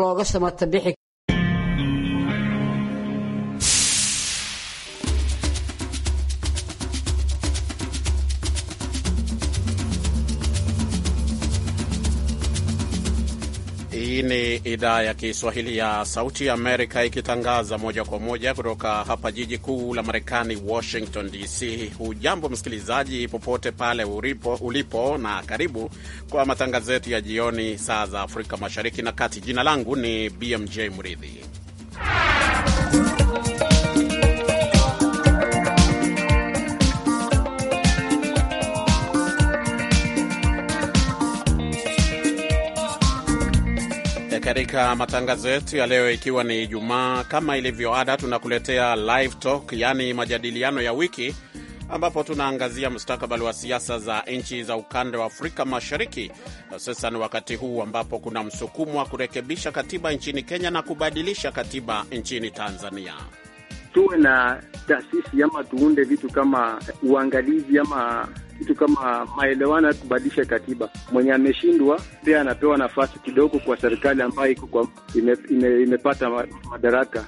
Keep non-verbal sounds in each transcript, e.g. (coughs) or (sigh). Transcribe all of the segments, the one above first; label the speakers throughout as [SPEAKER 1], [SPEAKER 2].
[SPEAKER 1] looga shamatabixi
[SPEAKER 2] Hii ni idhaa ya Kiswahili ya Sauti ya Amerika ikitangaza moja kwa moja kutoka hapa jiji kuu la Marekani, Washington DC. Hujambo msikilizaji, popote pale ulipo, ulipo na karibu kwa matangazo yetu ya jioni, saa za Afrika Mashariki na Kati. Jina langu ni BMJ Mridhi katika matangazo yetu ya leo, ikiwa ni Ijumaa, kama ilivyo ada, tunakuletea live talk, yaani majadiliano ya wiki, ambapo tunaangazia mustakabali wa siasa za nchi za ukanda wa Afrika Mashariki, hususan wakati huu ambapo kuna msukumo wa kurekebisha katiba nchini Kenya na kubadilisha katiba nchini Tanzania.
[SPEAKER 3] Tuwe na taasisi ama tuunde vitu kama uangalizi ama kitu kama maelewano ya kubadilisha katiba. Mwenye ameshindwa pia anapewa nafasi kidogo kwa serikali ambayo iko kwa ime, ime, imepata madaraka.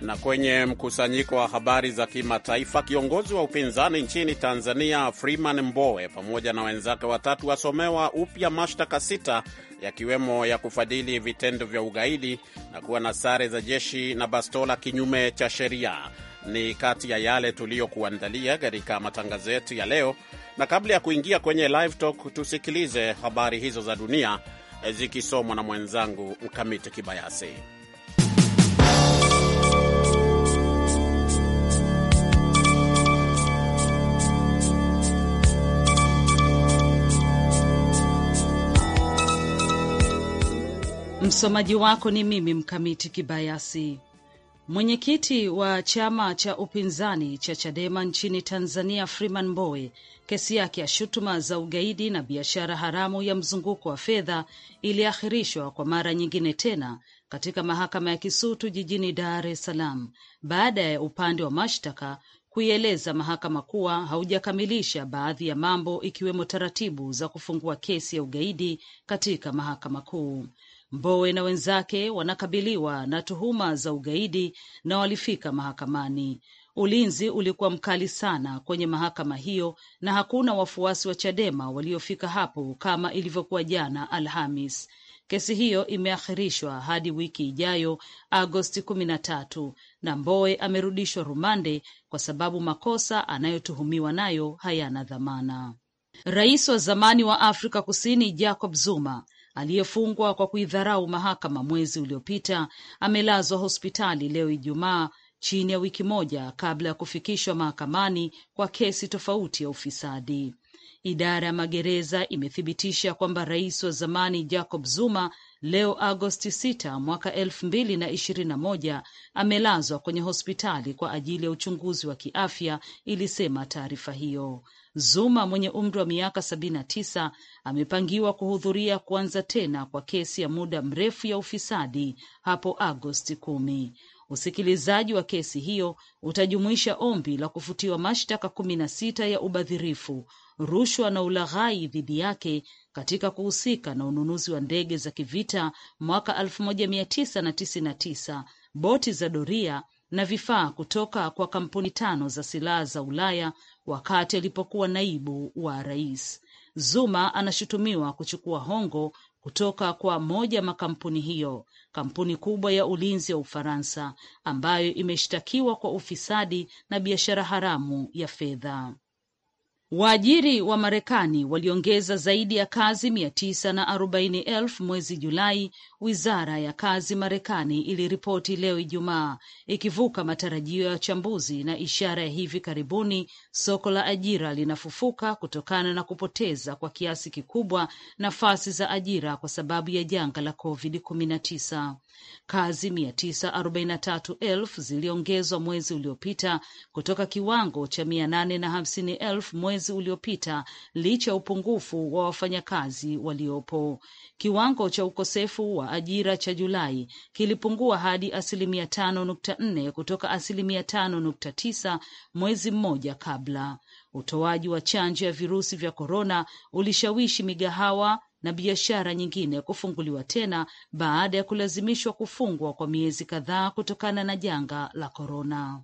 [SPEAKER 2] Na kwenye mkusanyiko wa habari za kimataifa, kiongozi wa upinzani nchini Tanzania Freeman Mbowe pamoja na wenzake watatu wasomewa upya mashtaka sita yakiwemo ya kufadhili vitendo vya ugaidi na kuwa na sare za jeshi na bastola kinyume cha sheria. Ni kati ya yale tuliyokuandalia katika matangazo yetu ya leo. Na kabla ya kuingia kwenye live talk, tusikilize habari hizo za dunia eh, zikisomwa na mwenzangu Mkamiti Kibayasi.
[SPEAKER 4] Msomaji wako ni mimi Mkamiti Kibayasi. Mwenyekiti wa chama cha upinzani cha Chadema nchini Tanzania, Freeman Mbowe, kesi yake ya shutuma za ugaidi na biashara haramu ya mzunguko wa fedha iliahirishwa kwa mara nyingine tena katika mahakama ya Kisutu jijini Dar es Salaam baada ya upande wa mashtaka kuieleza mahakama kuwa haujakamilisha baadhi ya mambo ikiwemo taratibu za kufungua kesi ya ugaidi katika mahakama kuu. Mbowe na wenzake wanakabiliwa na tuhuma za ugaidi na walifika mahakamani. Ulinzi ulikuwa mkali sana kwenye mahakama hiyo na hakuna wafuasi wa Chadema waliofika hapo kama ilivyokuwa jana Alhamis. Kesi hiyo imeahirishwa hadi wiki ijayo Agosti kumi na tatu, na mboe amerudishwa rumande kwa sababu makosa anayotuhumiwa nayo hayana dhamana. Rais wa zamani wa Afrika Kusini Jacob Zuma aliyefungwa kwa kuidharau mahakama mwezi uliopita amelazwa hospitali leo Ijumaa, chini ya wiki moja kabla ya kufikishwa mahakamani kwa kesi tofauti ya ufisadi. Idara ya magereza imethibitisha kwamba rais wa zamani Jacob Zuma leo Agosti 6 mwaka elfu mbili na ishirini na moja amelazwa kwenye hospitali kwa ajili ya uchunguzi wa kiafya, ilisema taarifa hiyo. Zuma mwenye umri wa miaka 79 amepangiwa kuhudhuria kuanza tena kwa kesi ya muda mrefu ya ufisadi hapo Agosti kumi. Usikilizaji wa kesi hiyo utajumuisha ombi la kufutiwa mashtaka kumi na sita ya ubadhirifu, rushwa na ulaghai dhidi yake katika kuhusika na ununuzi wa ndege za kivita mwaka 1999, boti za doria na vifaa kutoka kwa kampuni tano za silaha za Ulaya wakati alipokuwa naibu wa rais. Zuma anashutumiwa kuchukua hongo kutoka kwa moja makampuni hiyo, kampuni kubwa ya ulinzi ya Ufaransa ambayo imeshtakiwa kwa ufisadi na biashara haramu ya fedha. Waajiri wa Marekani waliongeza zaidi ya kazi mia tisa na arobaini elfu mwezi Julai, wizara ya kazi Marekani iliripoti leo Ijumaa, ikivuka matarajio ya wachambuzi na ishara ya hivi karibuni soko la ajira linafufuka kutokana na kupoteza kwa kiasi kikubwa nafasi za ajira kwa sababu ya janga la COVID-19. Kazi mia tisa ziliongezwa mwezi uliopita kutoka kiwango cha mia nane na hamsini mwezi uliopita licha ya upungufu wa wafanyakazi waliopo. Kiwango cha ukosefu wa ajira cha Julai kilipungua hadi asilimia tano nukta kutoka asilimia tano mwezi mmoja kabla. Utoaji wa chanjo ya virusi vya korona ulishawishi migahawa na biashara nyingine kufunguliwa tena baada ya kulazimishwa kufungwa kwa miezi kadhaa kutokana na janga la korona.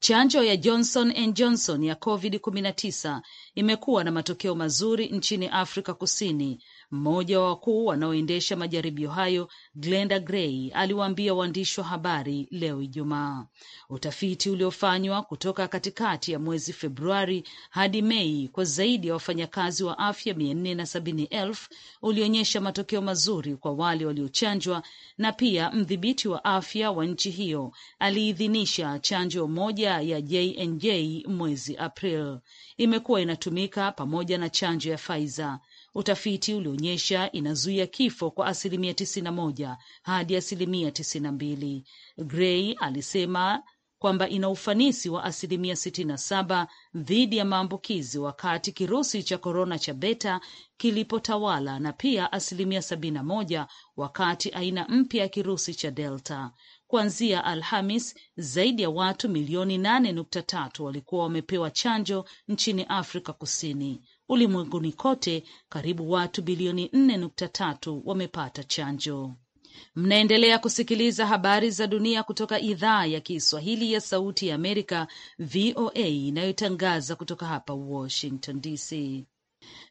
[SPEAKER 4] Chanjo ya Johnson and Johnson ya COVID-19 imekuwa na matokeo mazuri nchini Afrika Kusini mmoja wa wakuu wanaoendesha majaribio hayo, Glenda Gray, aliwaambia waandishi wa habari leo Ijumaa. Utafiti uliofanywa kutoka katikati ya mwezi Februari hadi Mei kwa zaidi ya wafanyakazi wa afya mia nne na sabini elfu ulionyesha matokeo mazuri kwa wale waliochanjwa, na pia mdhibiti wa afya wa nchi hiyo aliidhinisha chanjo moja ya JNJ mwezi April. Imekuwa inatumika pamoja na chanjo ya Pfizer. Utafiti ulionyesha inazuia kifo kwa asilimia tisini na moja hadi asilimia tisini na mbili. Gray alisema kwamba ina ufanisi wa asilimia sitini na saba dhidi ya maambukizi wakati kirusi cha korona cha beta kilipotawala na pia asilimia sabini na moja wakati aina mpya ya kirusi cha delta. Kuanzia Alhamis, zaidi ya watu milioni nane nukta tatu walikuwa wamepewa chanjo nchini Afrika Kusini, Ulimwenguni kote karibu watu bilioni 4.3 wamepata chanjo. Mnaendelea kusikiliza habari za dunia kutoka idhaa ya Kiswahili ya Sauti ya Amerika, VOA, inayotangaza kutoka hapa Washington DC.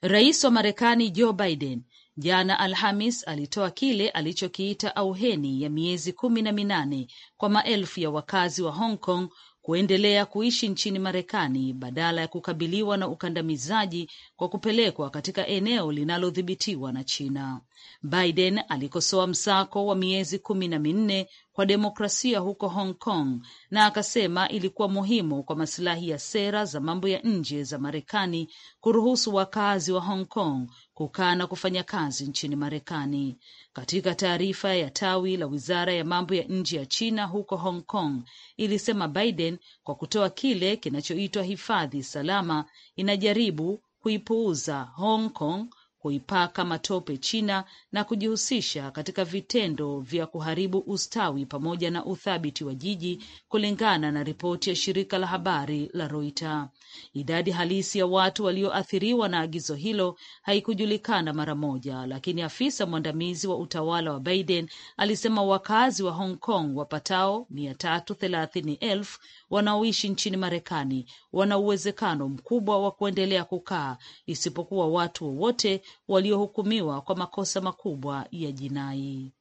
[SPEAKER 4] Rais wa Marekani Joe Biden jana Alhamis alitoa kile alichokiita auheni ya miezi kumi na minane kwa maelfu ya wakazi wa Hong Kong kuendelea kuishi nchini Marekani badala ya kukabiliwa na ukandamizaji kwa kupelekwa katika eneo linalodhibitiwa na China. Biden alikosoa msako wa miezi kumi na minne kwa demokrasia huko Hong Kong na akasema ilikuwa muhimu kwa masilahi ya sera za mambo ya nje za Marekani kuruhusu wakazi wa Hong Kong kukaa na kufanya kazi nchini Marekani. Katika taarifa ya tawi la wizara ya mambo ya nje ya China huko Hong Kong ilisema Biden kwa kutoa kile kinachoitwa hifadhi salama inajaribu kuipuuza Hong Kong kuipaka matope China na kujihusisha katika vitendo vya kuharibu ustawi pamoja na uthabiti wa jiji, kulingana na ripoti ya shirika la habari la Reuters. Idadi halisi ya watu walioathiriwa na agizo hilo haikujulikana mara moja, lakini afisa mwandamizi wa utawala wa Biden alisema wakazi wa Hong Kong wapatao 330,000 wanaoishi nchini Marekani wana uwezekano mkubwa wa kuendelea kukaa, isipokuwa watu wowote waliohukumiwa kwa makosa makubwa ya jinai.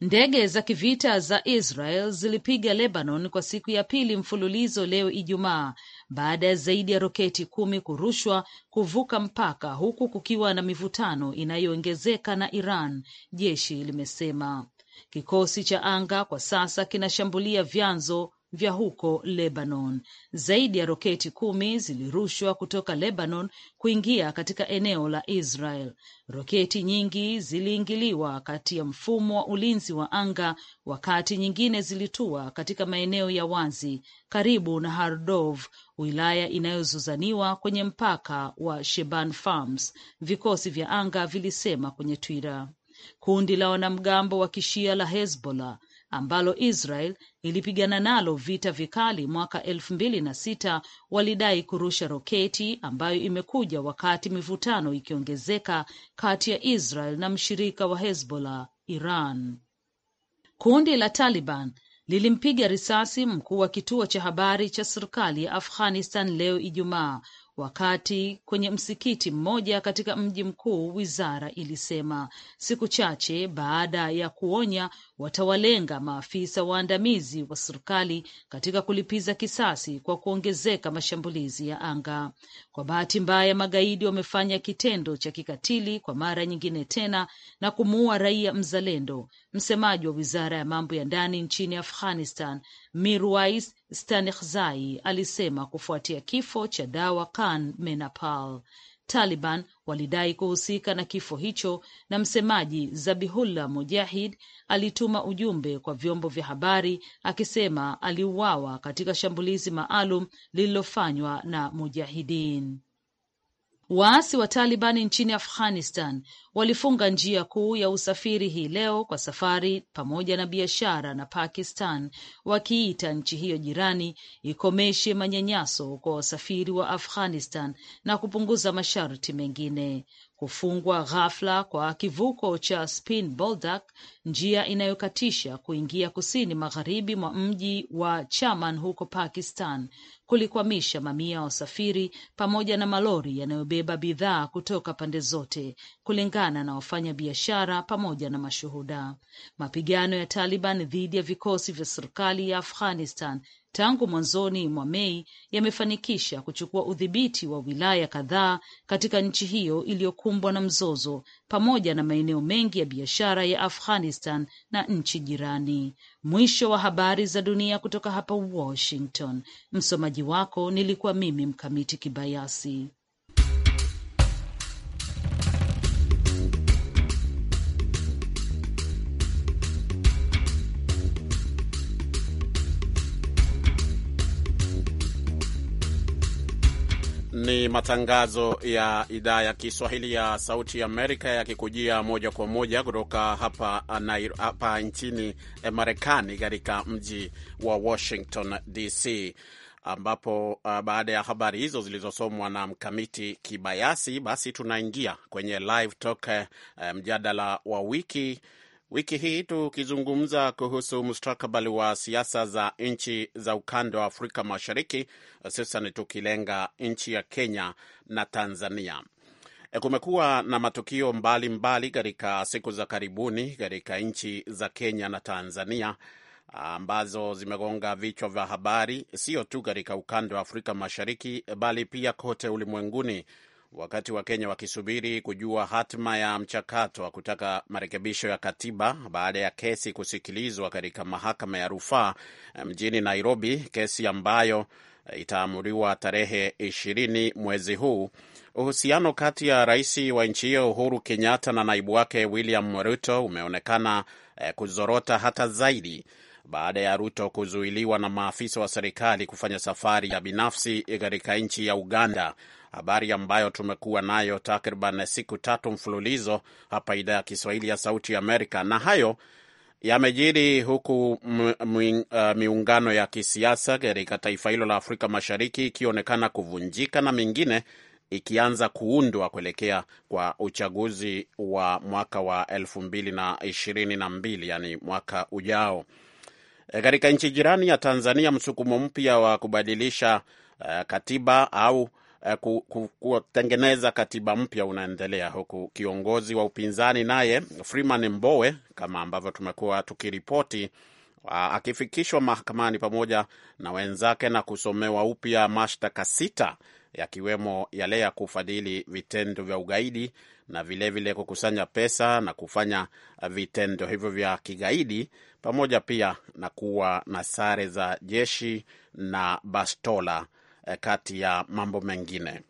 [SPEAKER 4] Ndege za kivita za Israel zilipiga Lebanon kwa siku ya pili mfululizo leo Ijumaa baada ya zaidi ya roketi kumi kurushwa kuvuka mpaka, huku kukiwa na mivutano inayoongezeka na Iran, jeshi limesema. Kikosi cha anga kwa sasa kinashambulia vyanzo vya huko Lebanon. Zaidi ya roketi kumi zilirushwa kutoka Lebanon kuingia katika eneo la Israel. Roketi nyingi ziliingiliwa kati ya mfumo wa ulinzi wa anga, wakati nyingine zilitua katika maeneo ya wazi karibu na Hardov, wilaya inayozozaniwa kwenye mpaka wa Sheban Farms, vikosi vya anga vilisema kwenye Twitter. Kundi la wanamgambo wa kishia la Hezbollah ambalo Israel ilipigana nalo vita vikali mwaka elfu mbili na sita walidai kurusha roketi ambayo imekuja wakati mivutano ikiongezeka kati ya Israel na mshirika wa Hezbollah, Iran. Kundi la Taliban lilimpiga risasi mkuu wa kituo cha habari cha serikali ya Afghanistan leo Ijumaa wakati kwenye msikiti mmoja katika mji mkuu wizara ilisema siku chache baada ya kuonya watawalenga maafisa waandamizi wa serikali katika kulipiza kisasi kwa kuongezeka mashambulizi ya anga. Kwa bahati mbaya, magaidi wamefanya kitendo cha kikatili kwa mara nyingine tena na kumuua raia mzalendo Msemaji wa wizara ya mambo ya ndani nchini Afghanistan, Mirwais Stanikhzai, alisema kufuatia kifo cha Dawa Khan Menapal, Taliban walidai kuhusika na kifo hicho, na msemaji Zabihullah Mujahid alituma ujumbe kwa vyombo vya habari akisema aliuawa katika shambulizi maalum lililofanywa na Mujahidin. Waasi wa Taliban nchini Afghanistan walifunga njia kuu ya usafiri hii leo kwa safari pamoja na biashara na Pakistan, wakiita nchi hiyo jirani ikomeshe manyanyaso kwa wasafiri wa Afghanistan na kupunguza masharti mengine kufungwa ghafla kwa kivuko cha Spin Boldak, njia inayokatisha kuingia kusini magharibi mwa mji wa Chaman huko Pakistan, kulikwamisha mamia ya wasafiri pamoja na malori yanayobeba bidhaa kutoka pande zote, kulingana na wafanya biashara pamoja na mashuhuda. Mapigano ya Taliban dhidi ya vikosi vya serikali ya Afghanistan tangu mwanzoni mwa Mei yamefanikisha kuchukua udhibiti wa wilaya kadhaa katika nchi hiyo iliyokumbwa na mzozo pamoja na maeneo mengi ya biashara ya Afghanistan na nchi jirani. Mwisho wa habari za dunia kutoka hapa Washington. Msomaji wako nilikuwa mimi Mkamiti Kibayasi.
[SPEAKER 2] Ni matangazo ya idhaa ya Kiswahili ya Sauti Amerika yakikujia moja kwa moja kutoka hapa, hapa nchini eh, Marekani, katika mji wa Washington DC ambapo uh, baada ya habari hizo zilizosomwa na mkamiti Kibayasi, basi tunaingia kwenye live talk, uh, mjadala wa wiki Wiki hii tukizungumza kuhusu mustakabali wa siasa za nchi za ukanda wa Afrika Mashariki, hususan tukilenga nchi ya Kenya na Tanzania. E, kumekuwa na matukio mbalimbali katika siku za karibuni katika nchi za Kenya na Tanzania ambazo zimegonga vichwa vya habari, sio tu katika ukanda wa Afrika Mashariki bali pia kote ulimwenguni, wakati wa Kenya wakisubiri kujua hatima ya mchakato wa kutaka marekebisho ya katiba baada ya kesi kusikilizwa katika mahakama ya rufaa eh, mjini Nairobi, kesi ambayo eh, itaamuliwa tarehe ishirini mwezi huu. Uhusiano kati ya rais wa nchi hiyo Uhuru Kenyatta na naibu wake William Ruto umeonekana eh, kuzorota hata zaidi baada ya Ruto kuzuiliwa na maafisa wa serikali kufanya safari ya binafsi katika nchi ya Uganda, habari ambayo tumekuwa nayo takriban siku tatu mfululizo hapa idhaa ya Kiswahili ya Sauti ya Amerika. Na hayo yamejiri huku uh, miungano ya kisiasa katika taifa hilo la Afrika Mashariki ikionekana kuvunjika na mingine ikianza kuundwa kuelekea kwa uchaguzi wa mwaka wa elfu mbili na ishirini na mbili, yani mwaka ujao. E, katika nchi jirani ya Tanzania, msukumo mpya wa kubadilisha uh, katiba au uh, kutengeneza katiba mpya unaendelea huku kiongozi wa upinzani naye Freeman Mbowe, kama ambavyo tumekuwa tukiripoti akifikishwa mahakamani pamoja na wenzake na kusomewa upya mashtaka sita yakiwemo yale ya kufadhili vitendo vya ugaidi na vilevile vile kukusanya pesa na kufanya vitendo hivyo vya kigaidi pamoja pia na kuwa na sare za jeshi na bastola eh, kati ya mambo mengine.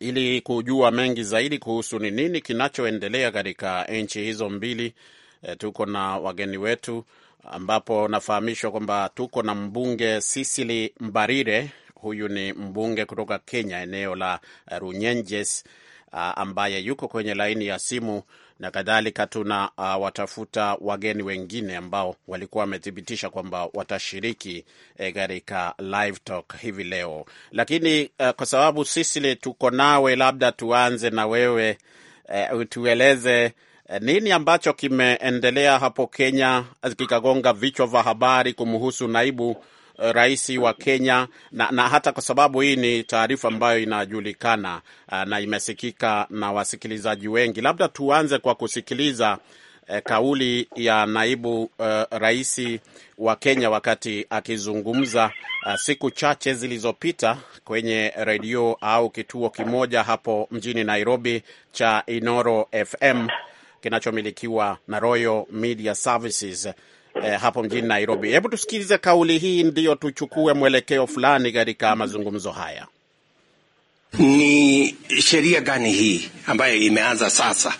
[SPEAKER 2] Ili kujua mengi zaidi kuhusu ni nini kinachoendelea katika nchi hizo mbili, eh, tuko na wageni wetu, ambapo nafahamishwa kwamba tuko na mbunge Sisili Mbarire. Huyu ni mbunge kutoka Kenya, eneo la Runyenjes, ah, ambaye yuko kwenye laini ya simu na kadhalika. Tuna uh, watafuta wageni wengine ambao walikuwa wamethibitisha kwamba watashiriki eh, katika eh, live talk hivi leo, lakini uh, kwa sababu sisi tuko nawe, labda tuanze na wewe uh, eh, tueleze eh, nini ambacho kimeendelea hapo Kenya kikagonga vichwa vya habari kumhusu naibu rais wa Kenya na, na hata kwa sababu hii ni taarifa ambayo inajulikana uh, na imesikika na wasikilizaji wengi, labda tuanze kwa kusikiliza eh, kauli ya naibu eh, rais wa Kenya wakati akizungumza eh, siku chache zilizopita kwenye redio au kituo kimoja hapo mjini Nairobi cha Inoro FM kinachomilikiwa na Royal Media Services eh, hapo mjini Nairobi. Hebu tusikilize kauli hii, ndiyo tuchukue mwelekeo fulani katika mazungumzo haya.
[SPEAKER 5] Ni sheria gani hii ambayo imeanza sasa?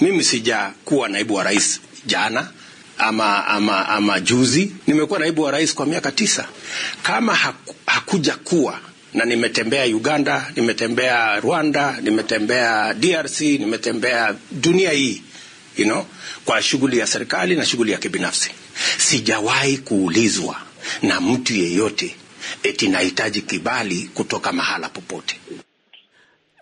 [SPEAKER 5] Mimi sijakuwa naibu wa rais jana ama, ama, ama juzi. Nimekuwa naibu wa rais kwa miaka tisa. Kama haku, hakuja kuwa na nimetembea Uganda, nimetembea Rwanda, nimetembea DRC, nimetembea dunia hii you know, kwa shughuli ya serikali na shughuli ya kibinafsi. Sijawahi kuulizwa na mtu yeyote eti nahitaji
[SPEAKER 2] kibali kutoka mahala popote.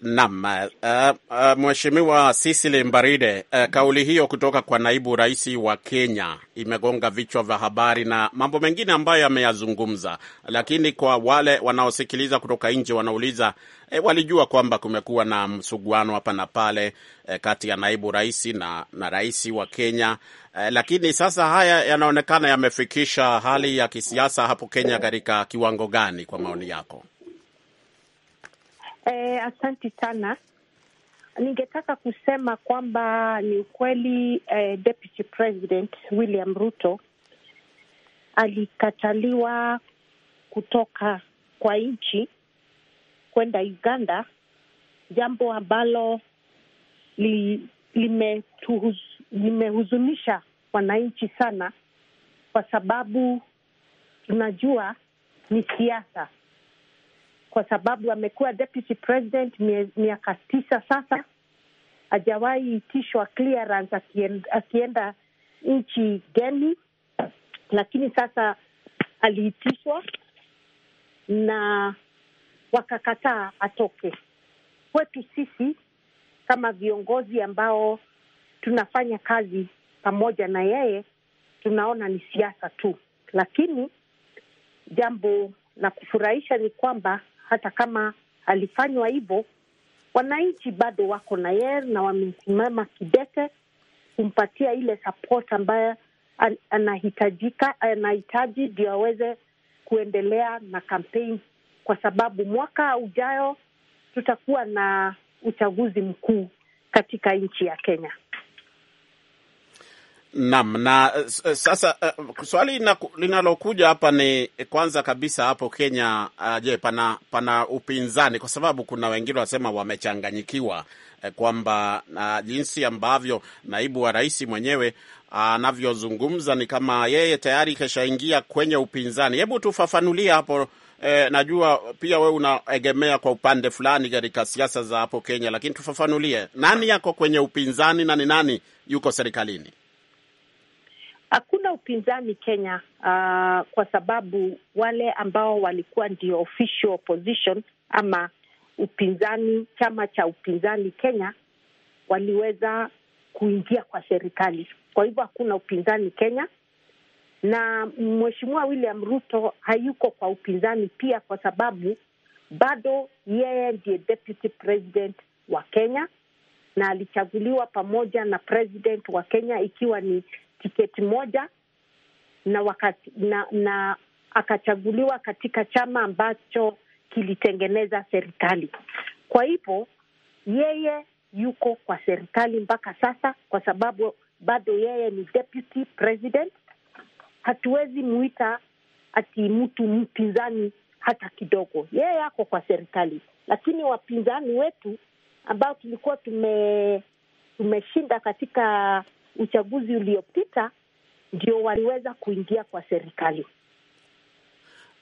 [SPEAKER 2] Naam, uh, uh, Mheshimiwa Sisili Mbaride, uh, kauli hiyo kutoka kwa naibu rais wa Kenya imegonga vichwa vya habari na mambo mengine ambayo yameyazungumza lakini kwa wale wanaosikiliza kutoka nje wanauliza eh, walijua kwamba kumekuwa na msuguano hapa na pale eh, kati ya naibu rais na, na rais wa Kenya eh, lakini sasa haya yanaonekana yamefikisha hali ya kisiasa hapo Kenya katika kiwango gani kwa maoni yako?
[SPEAKER 1] E, asanti sana. Ningetaka kusema kwamba ni ukweli eh, Deputy President William Ruto alikataliwa kutoka kwa nchi kwenda Uganda, jambo ambalo li, limehuz, limehuzunisha wananchi sana, kwa sababu tunajua ni siasa kwa sababu amekuwa deputy president miaka tisa sasa, hajawahi itishwa clearance akienda, nchi geni, lakini sasa aliitishwa na wakakataa atoke. Kwetu sisi kama viongozi ambao tunafanya kazi pamoja na yeye, tunaona ni siasa tu, lakini jambo la kufurahisha ni kwamba hata kama alifanywa hivyo, wananchi bado wako na yeye na wamesimama kidete kumpatia ile support ambayo anahitajika anahitaji ndio aweze kuendelea na kampeni, kwa sababu mwaka ujayo tutakuwa na uchaguzi mkuu katika nchi ya Kenya.
[SPEAKER 2] Naam, na eh, sasa uh, swali linalokuja hapa ni eh, kwanza kabisa hapo Kenya uh, je, pana pana upinzani? Kwa sababu kuna wengine wanasema wamechanganyikiwa eh, kwamba uh, jinsi ambavyo naibu wa rais mwenyewe ah, anavyozungumza uh, ni kama yeye tayari kashaingia kwenye upinzani. Hebu tufafanulie hapo eh, najua pia we unaegemea kwa upande fulani katika siasa za hapo Kenya, lakini tufafanulie nani yako kwenye upinzani na ni nani yuko serikalini?
[SPEAKER 1] Hakuna upinzani Kenya uh, kwa sababu wale ambao walikuwa ndio official opposition ama upinzani, chama cha upinzani Kenya waliweza kuingia kwa serikali. Kwa hivyo hakuna upinzani Kenya, na mheshimiwa William Ruto hayuko kwa upinzani pia, kwa sababu bado yeye ndiye deputy president wa Kenya na alichaguliwa pamoja na president wa Kenya ikiwa ni tiketi moja na, wakati, na, na akachaguliwa katika chama ambacho kilitengeneza serikali. Kwa hivyo yeye yuko kwa serikali mpaka sasa, kwa sababu bado yeye ni deputy president. Hatuwezi muita ati mtu mpinzani hata kidogo, yeye ako kwa serikali. Lakini wapinzani wetu ambao tulikuwa tume- tumeshinda katika uchaguzi uliopita ndio waliweza kuingia kwa serikali.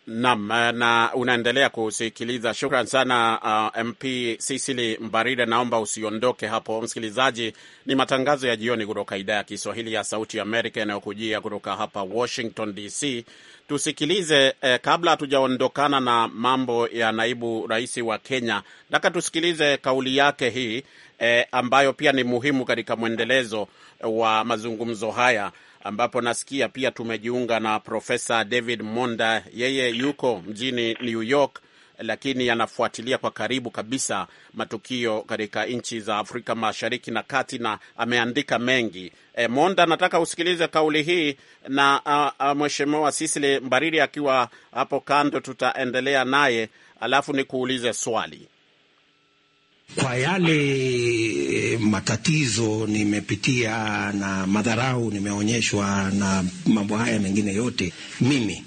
[SPEAKER 2] Naam, eh, na unaendelea kusikiliza. Shukran sana uh, eh, MP Sisili Mbaride, naomba usiondoke hapo. Msikilizaji, ni matangazo ya jioni kutoka idhaa ya Kiswahili ya Sauti Amerika yanayokujia kutoka hapa Washington DC. Tusikilize eh, kabla hatujaondokana na mambo ya naibu rais wa Kenya, nataka tusikilize kauli yake hii eh, ambayo pia ni muhimu katika mwendelezo wa mazungumzo haya, ambapo nasikia pia tumejiunga na Profesa David Monda. Yeye yuko mjini New York, lakini anafuatilia kwa karibu kabisa matukio katika nchi za Afrika Mashariki na Kati, na ameandika mengi. E, Monda, nataka usikilize kauli hii na mheshimiwa Sisili Mbariri akiwa hapo kando, tutaendelea naye alafu nikuulize swali.
[SPEAKER 5] Kwa yale eh, matatizo nimepitia na madharau nimeonyeshwa na mambo haya mengine yote, mimi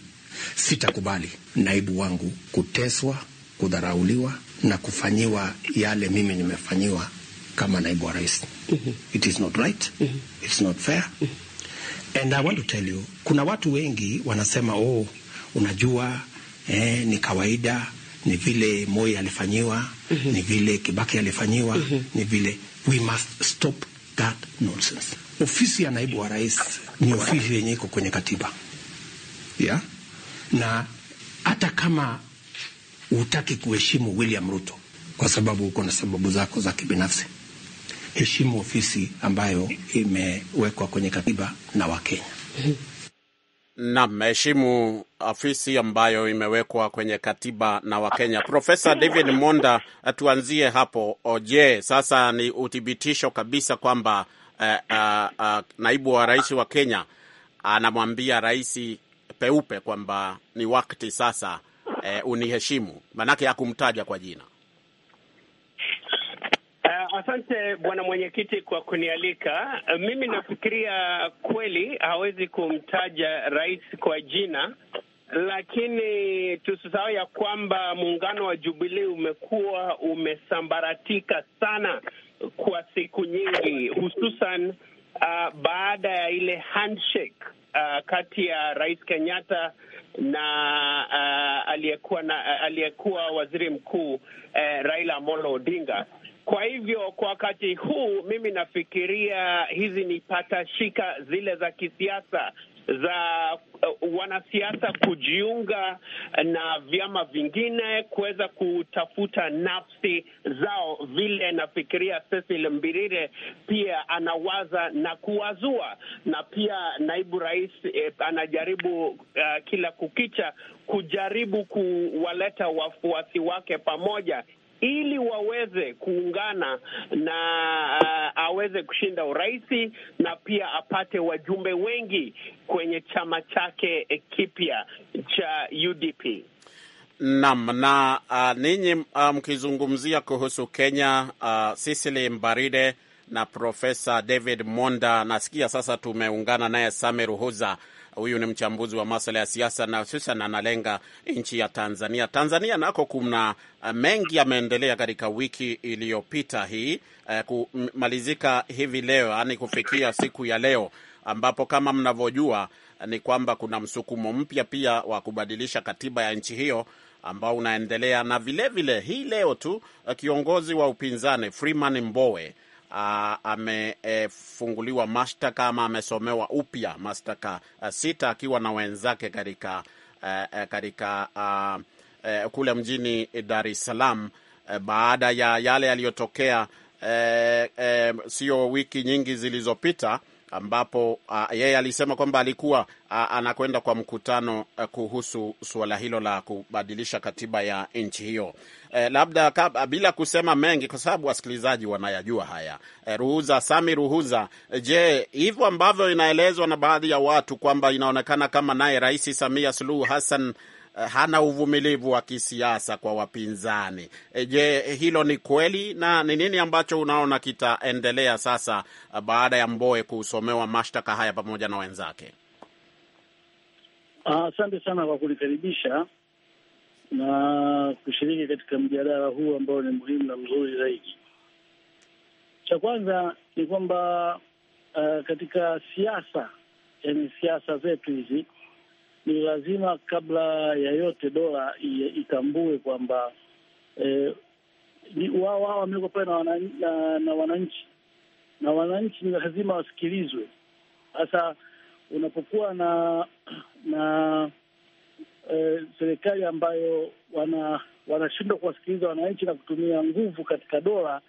[SPEAKER 5] sitakubali naibu wangu kuteswa, kudharauliwa na kufanyiwa yale mimi nimefanyiwa kama naibu wa rais. Mm-hmm. It is not right. Mm-hmm. not fair. Mm-hmm. And I want to tell you, kuna watu wengi wanasema oh, unajua eh, ni kawaida ni vile Moi alifanyiwa mm -hmm. ni vile Kibaki alifanyiwa mm -hmm. ni vile we must stop that nonsense. Ofisi ya naibu wa rais ni ofisi yenye iko kwenye katiba yeah? na hata kama hutaki kuheshimu William Ruto kwa sababu uko na sababu zako za kibinafsi, heshimu ofisi ambayo imewekwa kwenye katiba na Wakenya.
[SPEAKER 4] Mhm
[SPEAKER 2] nam mheshimu afisi ambayo imewekwa kwenye katiba na Wakenya. Profesa David Monda, eh, tuanzie hapo. oje sasa ni uthibitisho kabisa kwamba uh, uh, uh, naibu wa rais wa Kenya anamwambia rais peupe kwamba ni wakati sasa, uh, uniheshimu, maanake hakumtaja kwa jina.
[SPEAKER 6] Uh, asante bwana mwenyekiti kwa kunialika. Uh, mimi nafikiria kweli hawezi kumtaja rais kwa jina, lakini tusisahau ya kwamba muungano wa Jubilee umekuwa umesambaratika sana kwa siku nyingi, hususan uh, baada ya ile handshake uh, kati ya rais Kenyatta na uh, aliyekuwa na aliyekuwa waziri mkuu uh, Raila Amolo Odinga. Kwa hivyo kwa wakati huu mimi nafikiria hizi ni patashika zile za kisiasa za uh, wanasiasa kujiunga na vyama vingine kuweza kutafuta nafsi zao. Vile nafikiria Cecil Mbirire pia anawaza na kuwazua, na pia naibu rais eh, anajaribu uh, kila kukicha kujaribu kuwaleta wafuasi wake pamoja ili waweze kuungana na uh, aweze kushinda urais na pia apate wajumbe wengi kwenye chama chake kipya cha UDP.
[SPEAKER 2] Naam, na uh, ninyi uh, mkizungumzia kuhusu Kenya uh, Cecily Mbaride na Profesa David Monda, nasikia sasa tumeungana naye Sameruhuza Huyu ni mchambuzi wa masuala ya siasa na hususan analenga nchi ya Tanzania. Tanzania nako kuna eh, mengi yameendelea katika wiki iliyopita hii eh, kumalizika hivi leo, yani kufikia siku ya leo ambapo kama mnavyojua eh, ni kwamba kuna msukumo mpya pia wa kubadilisha katiba ya nchi hiyo ambao unaendelea, na vilevile hii leo tu eh, kiongozi wa upinzani Freeman Mbowe Ah, amefunguliwa e, mashtaka ama amesomewa upya mashtaka ah, sita akiwa na wenzake katika ah, eh, katika eh, kule mjini Dar es Salaam eh, baada ya yale yaliyotokea e, uh, sio wiki nyingi zilizopita ambapo uh, yeye alisema kwamba alikuwa uh, anakwenda kwa mkutano uh, kuhusu suala hilo la kubadilisha katiba ya nchi hiyo. Eh, labda kab, bila kusema mengi kwa sababu wasikilizaji wanayajua haya. Eh, Ruhuza Sami Ruhuza, eh, je, hivyo ambavyo inaelezwa na baadhi ya watu kwamba inaonekana kama naye Rais Samia Suluhu Hassan Eh, hana uvumilivu wa kisiasa kwa wapinzani. Eh, je, hilo ni kweli na ni nini ambacho unaona kitaendelea sasa eh, baada ya Mboe kusomewa mashtaka haya pamoja na wenzake?
[SPEAKER 7] Ah, asante ah, sana kwa kunikaribisha na kushiriki katika mjadala huu ambao ni muhimu na mzuri zaidi. Cha kwanza ni kwamba uh, katika siasa, yani siasa zetu hizi ni lazima kabla ya yote dola itambue kwamba eh, wao wao wamewekwa pale na wananchi na wananchi ni lazima wasikilizwe. Sasa unapokuwa na na eh, serikali ambayo wana wanashindwa kuwasikiliza wananchi na kutumia nguvu katika dola,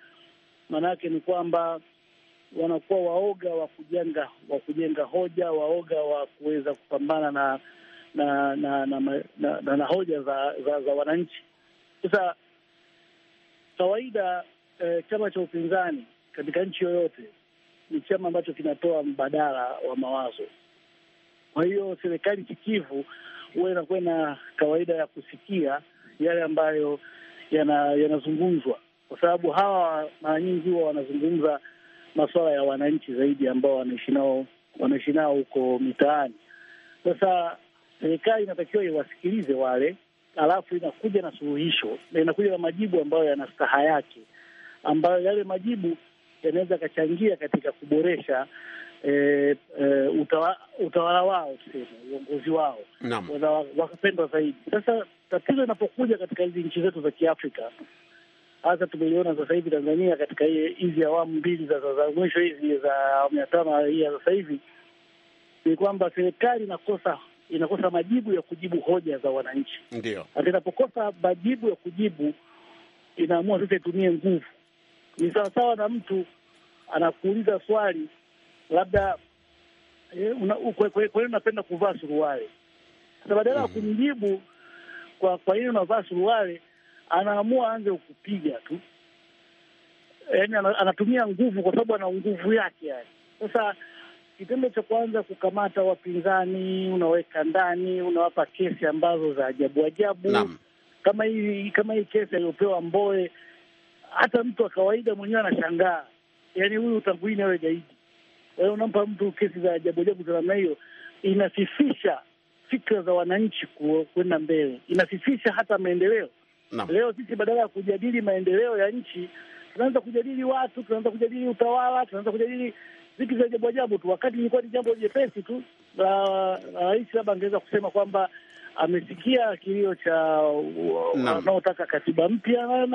[SPEAKER 7] maana yake ni kwamba wanakuwa waoga wa kujenga wa kujenga hoja, waoga wa kuweza kupambana na na na na, na, na, na, na hoja za, za, za wananchi. Sasa kawaida eh, chama cha upinzani katika nchi yoyote ni chama ambacho kinatoa mbadala wa mawazo. Kwa hiyo serikali sikivu huwa inakuwa na kawaida ya kusikia yale ambayo yanazungumzwa yana, kwa sababu hawa mara nyingi huwa wanazungumza masuala ya wananchi zaidi ambao wanaishi nao wanaishi nao huko mitaani. Sasa serikali inatakiwa iwasikilize wale, alafu inakuja na suluhisho, inakuja na majibu ambayo yana staha yake, ambayo yale majibu yanaweza yakachangia katika kuboresha e, e, utawa, utawala wao, tuseme uongozi wao, wakapendwa zaidi. Sasa tatizo inapokuja katika hizi nchi zetu za Kiafrika, hasa tumeliona sasa hivi Tanzania katika hizi awamu mbili za, za, za mwisho hizi za awamu ya tano hii ya sasa hivi, ni kwamba serikali inakosa inakosa majibu ya kujibu hoja za wananchi. Ndio hata inapokosa majibu ya kujibu, inaamua sasa itumie nguvu. Ni sawasawa na mtu anakuuliza swali labda, eh, kwa nini unapenda kuvaa suruali? Sasa badala ya mm-hmm. kumjibu kwa kwa nini unavaa suruali, anaamua aanze kupiga tu, yaani anatumia nguvu, kwa sababu ana nguvu yake yani sasa kitendo cha kwanza kukamata wapinzani, unaweka ndani, unawapa kesi ambazo za ajabu ajabu Naam. kama hii kama hii kesi aliyopewa Mboe, hata mtu wa kawaida mwenyewe anashangaa, yaani huyu utanguini awe gaidi. Wewe unampa mtu kesi za ajabu ajabu za namna hiyo, inafifisha fikra za wananchi kwenda mbele, inafifisha hata maendeleo. Naam. Leo sisi badala ya kujadili maendeleo ya nchi tunaanza kujadili watu, tunaanza kujadili utawala, tunaanza kujadili vitu vya ajabu ajabu tu, wakati ilikuwa ni jambo jepesi tu. Rais labda angeweza kusema kwamba amesikia kilio cha wanaotaka katiba mpya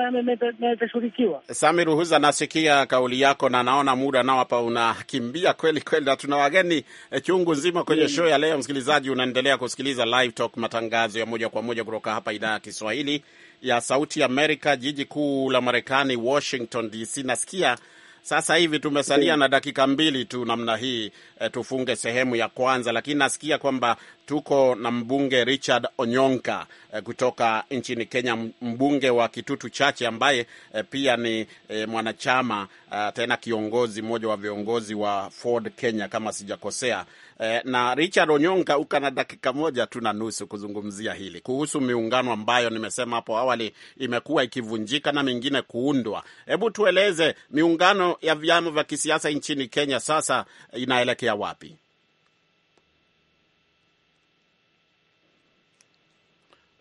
[SPEAKER 7] na itashughulikiwa.
[SPEAKER 2] Sami Ruhuza, nasikia kauli yako na naona muda nao hapa unakimbia kweli kweli, na tuna wageni eh, chungu nzima kwenye mm. show ya leo. Msikilizaji, unaendelea kusikiliza Live Talk, matangazo ya moja kwa moja kutoka hapa idhaa ya Kiswahili ya Sauti Amerika, jiji kuu la Marekani, Washington DC. Nasikia sasa hivi tumesalia na dakika mbili tu namna hii e, tufunge sehemu ya kwanza, lakini nasikia kwamba tuko na mbunge Richard Onyonka e, kutoka nchini Kenya, mbunge wa Kitutu Chache ambaye e, pia ni e, mwanachama a, ah, tena kiongozi mmoja wa viongozi wa Ford Kenya kama sijakosea. Eh, na Richard Onyonga, uka na dakika moja tu na nusu kuzungumzia hili kuhusu miungano ambayo nimesema hapo awali imekuwa ikivunjika na mingine kuundwa. Hebu tueleze miungano ya vyama vya kisiasa nchini Kenya sasa inaelekea wapi?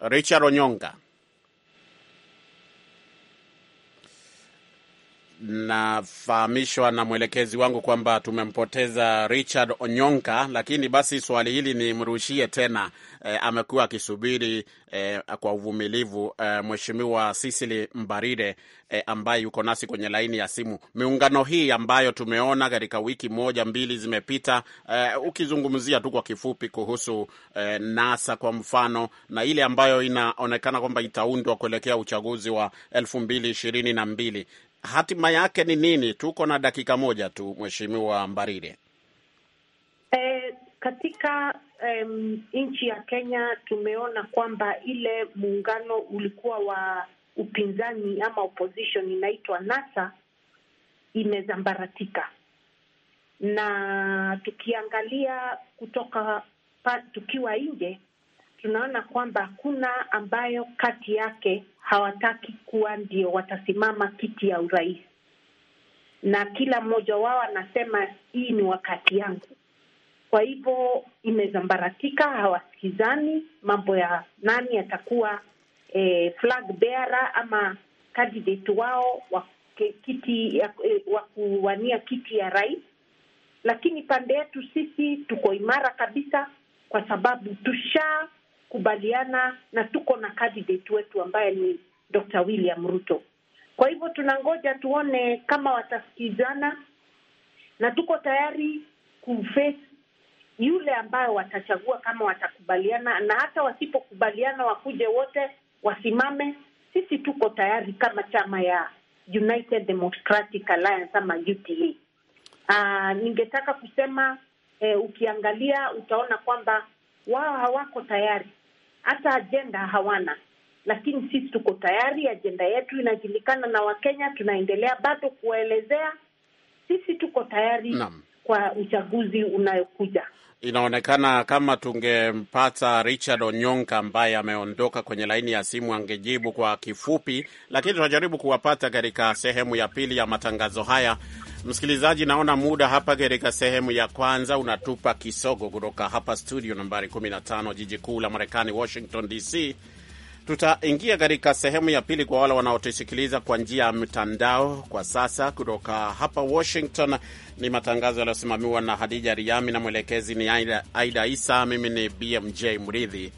[SPEAKER 2] Richard Onyonga. nafahamishwa na mwelekezi wangu kwamba tumempoteza Richard Onyonka, lakini basi swali hili nimrushie tena. E, amekuwa akisubiri e, kwa uvumilivu e, Mheshimiwa Sisili Mbarire e, ambaye yuko nasi kwenye laini ya simu. Miungano hii ambayo tumeona katika wiki moja mbili zimepita, e, ukizungumzia tu kwa kifupi kuhusu e, NASA kwa mfano na ile ambayo inaonekana kwamba itaundwa kuelekea uchaguzi wa elfu mbili ishirini na mbili hatima yake ni nini? Tuko na dakika moja tu, Mheshimiwa Mbarire.
[SPEAKER 1] E, katika um, nchi ya Kenya tumeona kwamba ile muungano ulikuwa wa upinzani ama opposition inaitwa NASA imezambaratika, na tukiangalia kutoka pa, tukiwa nje tunaona kwamba kuna ambayo kati yake hawataki kuwa ndio watasimama kiti ya urais, na kila mmoja wao anasema hii ni wakati yangu. Kwa hivyo imezambaratika, hawasikizani mambo ya nani atakuwa e, flag bearer ama candidate wao wa kiti ya eh, wa kuwania kiti ya rais. Lakini pande yetu sisi tuko imara kabisa, kwa sababu tusha kubaliana na tuko na candidate wetu ambaye ni Dr. William Ruto. Kwa hivyo tunangoja tuone kama watasikizana, na tuko tayari kuface yule ambayo watachagua kama watakubaliana, na hata wasipokubaliana wakuje wote wasimame. Sisi tuko tayari kama chama ya United Democratic Alliance ama UDA. E. Aa, ah, ningetaka kusema eh, ukiangalia utaona kwamba wao hawako tayari hata ajenda hawana, lakini sisi tuko tayari. Ajenda yetu inajulikana na Wakenya, tunaendelea bado kuwaelezea sisi tuko tayari Nam. kwa uchaguzi unayokuja.
[SPEAKER 2] Inaonekana kama tungempata Richard Onyonka ambaye ameondoka kwenye laini ya simu angejibu kwa kifupi, lakini tunajaribu kuwapata katika sehemu ya pili ya matangazo haya. Msikilizaji, naona muda hapa katika sehemu ya kwanza unatupa kisogo kutoka hapa studio nambari 15 jiji kuu la Marekani, Washington DC. Tutaingia katika sehemu ya pili kwa wale wanaotusikiliza kwa njia ya mtandao kwa sasa. Kutoka hapa Washington ni matangazo yaliyosimamiwa na Hadija Riami na mwelekezi ni Aida, Aida Isa. Mimi ni BMJ Mridhi.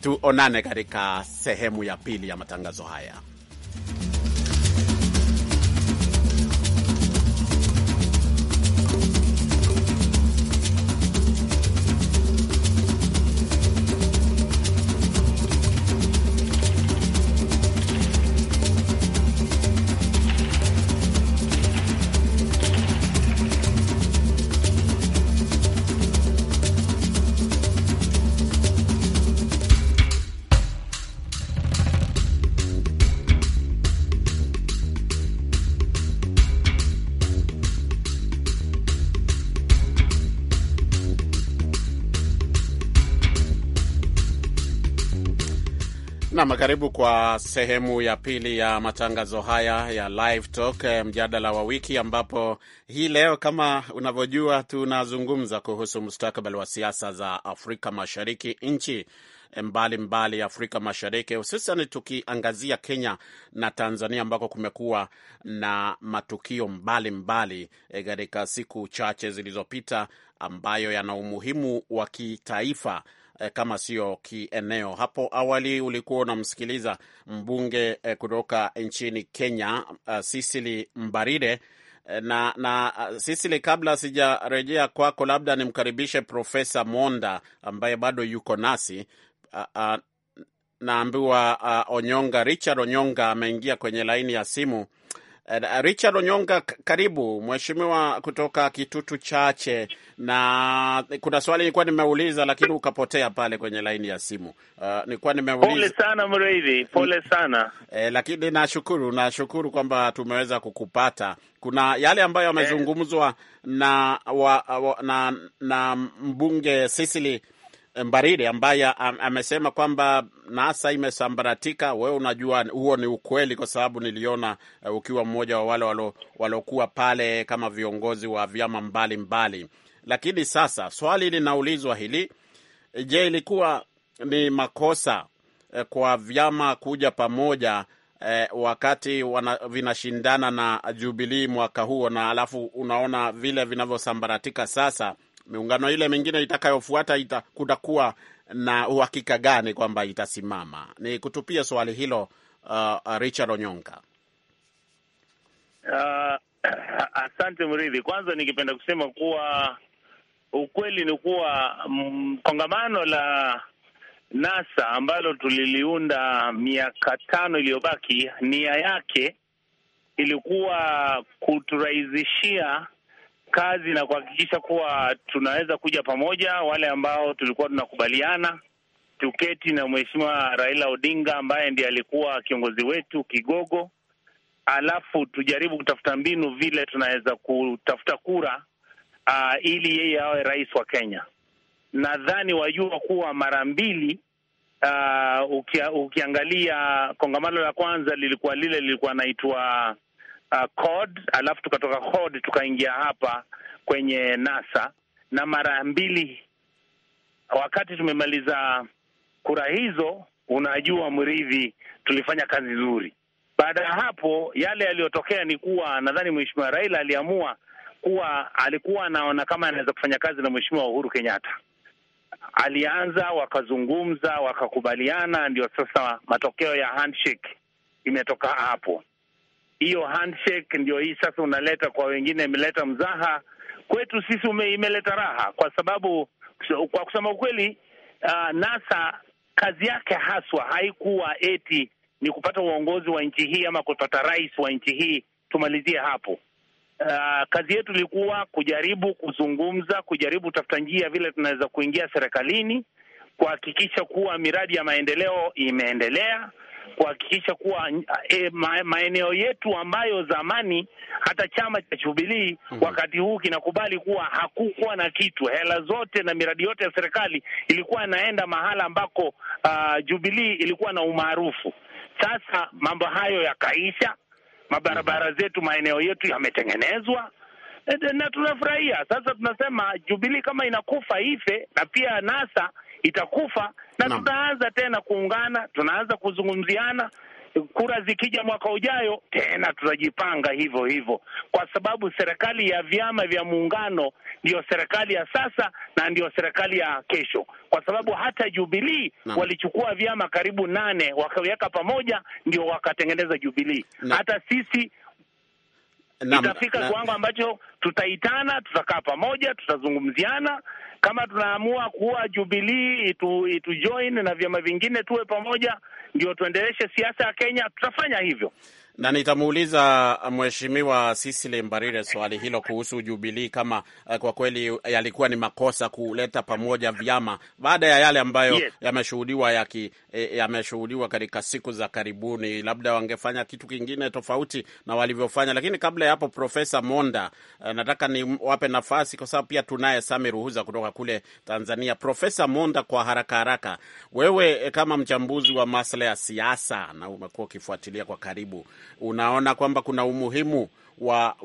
[SPEAKER 2] Tuonane katika sehemu ya pili ya matangazo haya. Nam, karibu kwa sehemu ya pili ya matangazo haya ya Live Talk, eh, mjadala wa wiki, ambapo hii leo kama unavyojua tunazungumza kuhusu mustakabali wa siasa za Afrika Mashariki, nchi mbalimbali eh, mbali Afrika Mashariki, hususan tukiangazia Kenya na Tanzania ambako kumekuwa na matukio mbalimbali eh, katika mbali siku chache zilizopita ambayo yana umuhimu wa kitaifa eh, kama sio kieneo. Hapo awali ulikuwa unamsikiliza mbunge eh, kutoka nchini Kenya eh, Sisili Mbarire eh, na na Sisili, eh, kabla sijarejea kwako, labda nimkaribishe Profesa Monda ambaye bado yuko nasi. Ah, ah, naambiwa ah, Onyonga, Richard Onyonga ameingia kwenye laini ya simu. Eh, Richard Onyonga, karibu mheshimiwa, kutoka Kitutu Chache. Na kuna swali nilikuwa nimeuliza lakini ukapotea pale kwenye laini ya simu. Uh, nilikuwa nimeuliza. Pole sana pole sana e, lakini nashukuru, nashukuru kwamba tumeweza kukupata. Kuna yale ambayo yamezungumzwa na, na, na mbunge Sisili Mbarire ambaye amesema kwamba NASA imesambaratika. Wewe unajua huo ni ukweli, kwa sababu niliona uh, ukiwa mmoja wa wale waliokuwa pale kama viongozi wa vyama mbalimbali mbali. Lakini sasa swali linaulizwa hili, je, ilikuwa ni makosa eh, kwa vyama kuja pamoja Eh, wakati wana, vinashindana na jubilii mwaka huo na alafu unaona vile vinavyosambaratika sasa, miungano ile mingine itakayofuata ita, kutakuwa na uhakika gani kwamba itasimama? Ni kutupia swali hilo uh, uh Richard Onyonka.
[SPEAKER 8] Uh, (coughs) asante Mridhi. Kwanza nikipenda kusema kuwa ukweli ni kuwa mm, kongamano la NASA ambalo tuliliunda miaka tano iliyobaki, nia yake ilikuwa kuturahisishia kazi na kuhakikisha kuwa tunaweza kuja pamoja, wale ambao tulikuwa tunakubaliana tuketi na Mheshimiwa Raila Odinga ambaye ndiye alikuwa kiongozi wetu kigogo, alafu tujaribu kutafuta mbinu vile tunaweza kutafuta kura uh, ili yeye awe rais wa Kenya. Nadhani wajua kuwa mara mbili uh, ukia, ukiangalia kongamano la kwanza lilikuwa lile lilikuwa naitwa uh, COD alafu tukatoka COD tukaingia hapa kwenye NASA na mara mbili. Wakati tumemaliza kura hizo, unajua Mridhi, tulifanya kazi nzuri. Baada ya hapo, yale yaliyotokea ni kuwa nadhani Mheshimiwa Raila aliamua kuwa alikuwa anaona kama anaweza kufanya kazi na Mheshimiwa Uhuru Kenyatta. Alianza, wakazungumza, wakakubaliana, ndio sasa matokeo ya handshake imetoka hapo hiyo handshake ndio hii sasa unaleta kwa wengine, imeleta mzaha kwetu sisi ume, imeleta raha, kwa sababu kwa kusema ukweli, uh, NASA kazi yake haswa haikuwa eti ni kupata uongozi wa nchi hii ama kupata rais wa nchi hii tumalizie hapo. Uh, kazi yetu ilikuwa kujaribu kuzungumza, kujaribu kutafuta njia vile tunaweza kuingia serikalini, kuhakikisha kuwa miradi ya maendeleo imeendelea kuhakikisha kuwa e, ma, maeneo yetu ambayo zamani hata chama cha Jubilee mm -hmm. wakati huu kinakubali kuwa hakukuwa na kitu, hela zote na miradi yote ya serikali ilikuwa inaenda mahala ambako uh, Jubilee ilikuwa na umaarufu. Sasa mambo hayo yakaisha, mabarabara mhm. zetu maeneo yetu yametengenezwa eh, na tunafurahia. Sasa tunasema jubilii kama inakufa ife, na pia NASA itakufa na, tutaanza tena kuungana, tunaanza kuzungumziana. Kura zikija mwaka ujayo tena tutajipanga hivyo hivyo, kwa sababu serikali ya vyama vya muungano ndiyo serikali ya sasa na ndiyo serikali ya kesho, kwa sababu hata Jubilii walichukua vyama karibu nane wakaweka pamoja, ndio wakatengeneza Jubilii. Hata sisi itafika kiwango ambacho tutaitana, tutakaa pamoja, tutazungumziana kama tunaamua kuwa jubilii itu, itu join na vyama vingine tuwe pamoja, ndio tuendeleshe siasa ya Kenya, tutafanya
[SPEAKER 2] hivyo na nitamuuliza uh, Mheshimiwa Sisili Mbarire swali hilo kuhusu Jubilii, kama uh, kwa kweli yalikuwa ni makosa kuleta pamoja vyama baada ya yale ambayo yes, yameshuhudiwa yaki e, yameshuhudiwa katika siku za karibuni, labda wangefanya kitu kingine tofauti na walivyofanya. Lakini kabla ya hapo, Profesa Monda, uh, nataka niwape nafasi kwa sababu pia tunaye Sami Ruhuza kutoka kule Tanzania. Profesa Monda, kwa haraka haraka, wewe kama mchambuzi wa masuala ya siasa na umekuwa ukifuatilia kwa karibu unaona kwamba kuna umuhimu wa